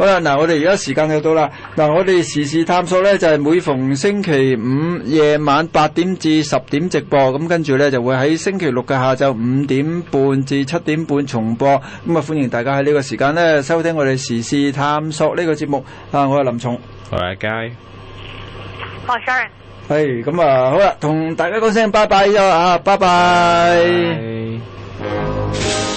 好啦，嗱，我哋而家時間又到啦。嗱，我哋時事探索呢，就係每逢星期五夜晚八點至十點直播，咁跟住呢，就會喺星期六嘅下晝五點半至七點半重播。咁啊，歡迎大家喺呢個時間呢收聽我哋時事探索呢個節目。啊，我係林松、oh, sure.。好啊，佳。Hi Sharon。係，咁啊，好啦，同大家講聲拜拜啫！啊，拜拜。Bye.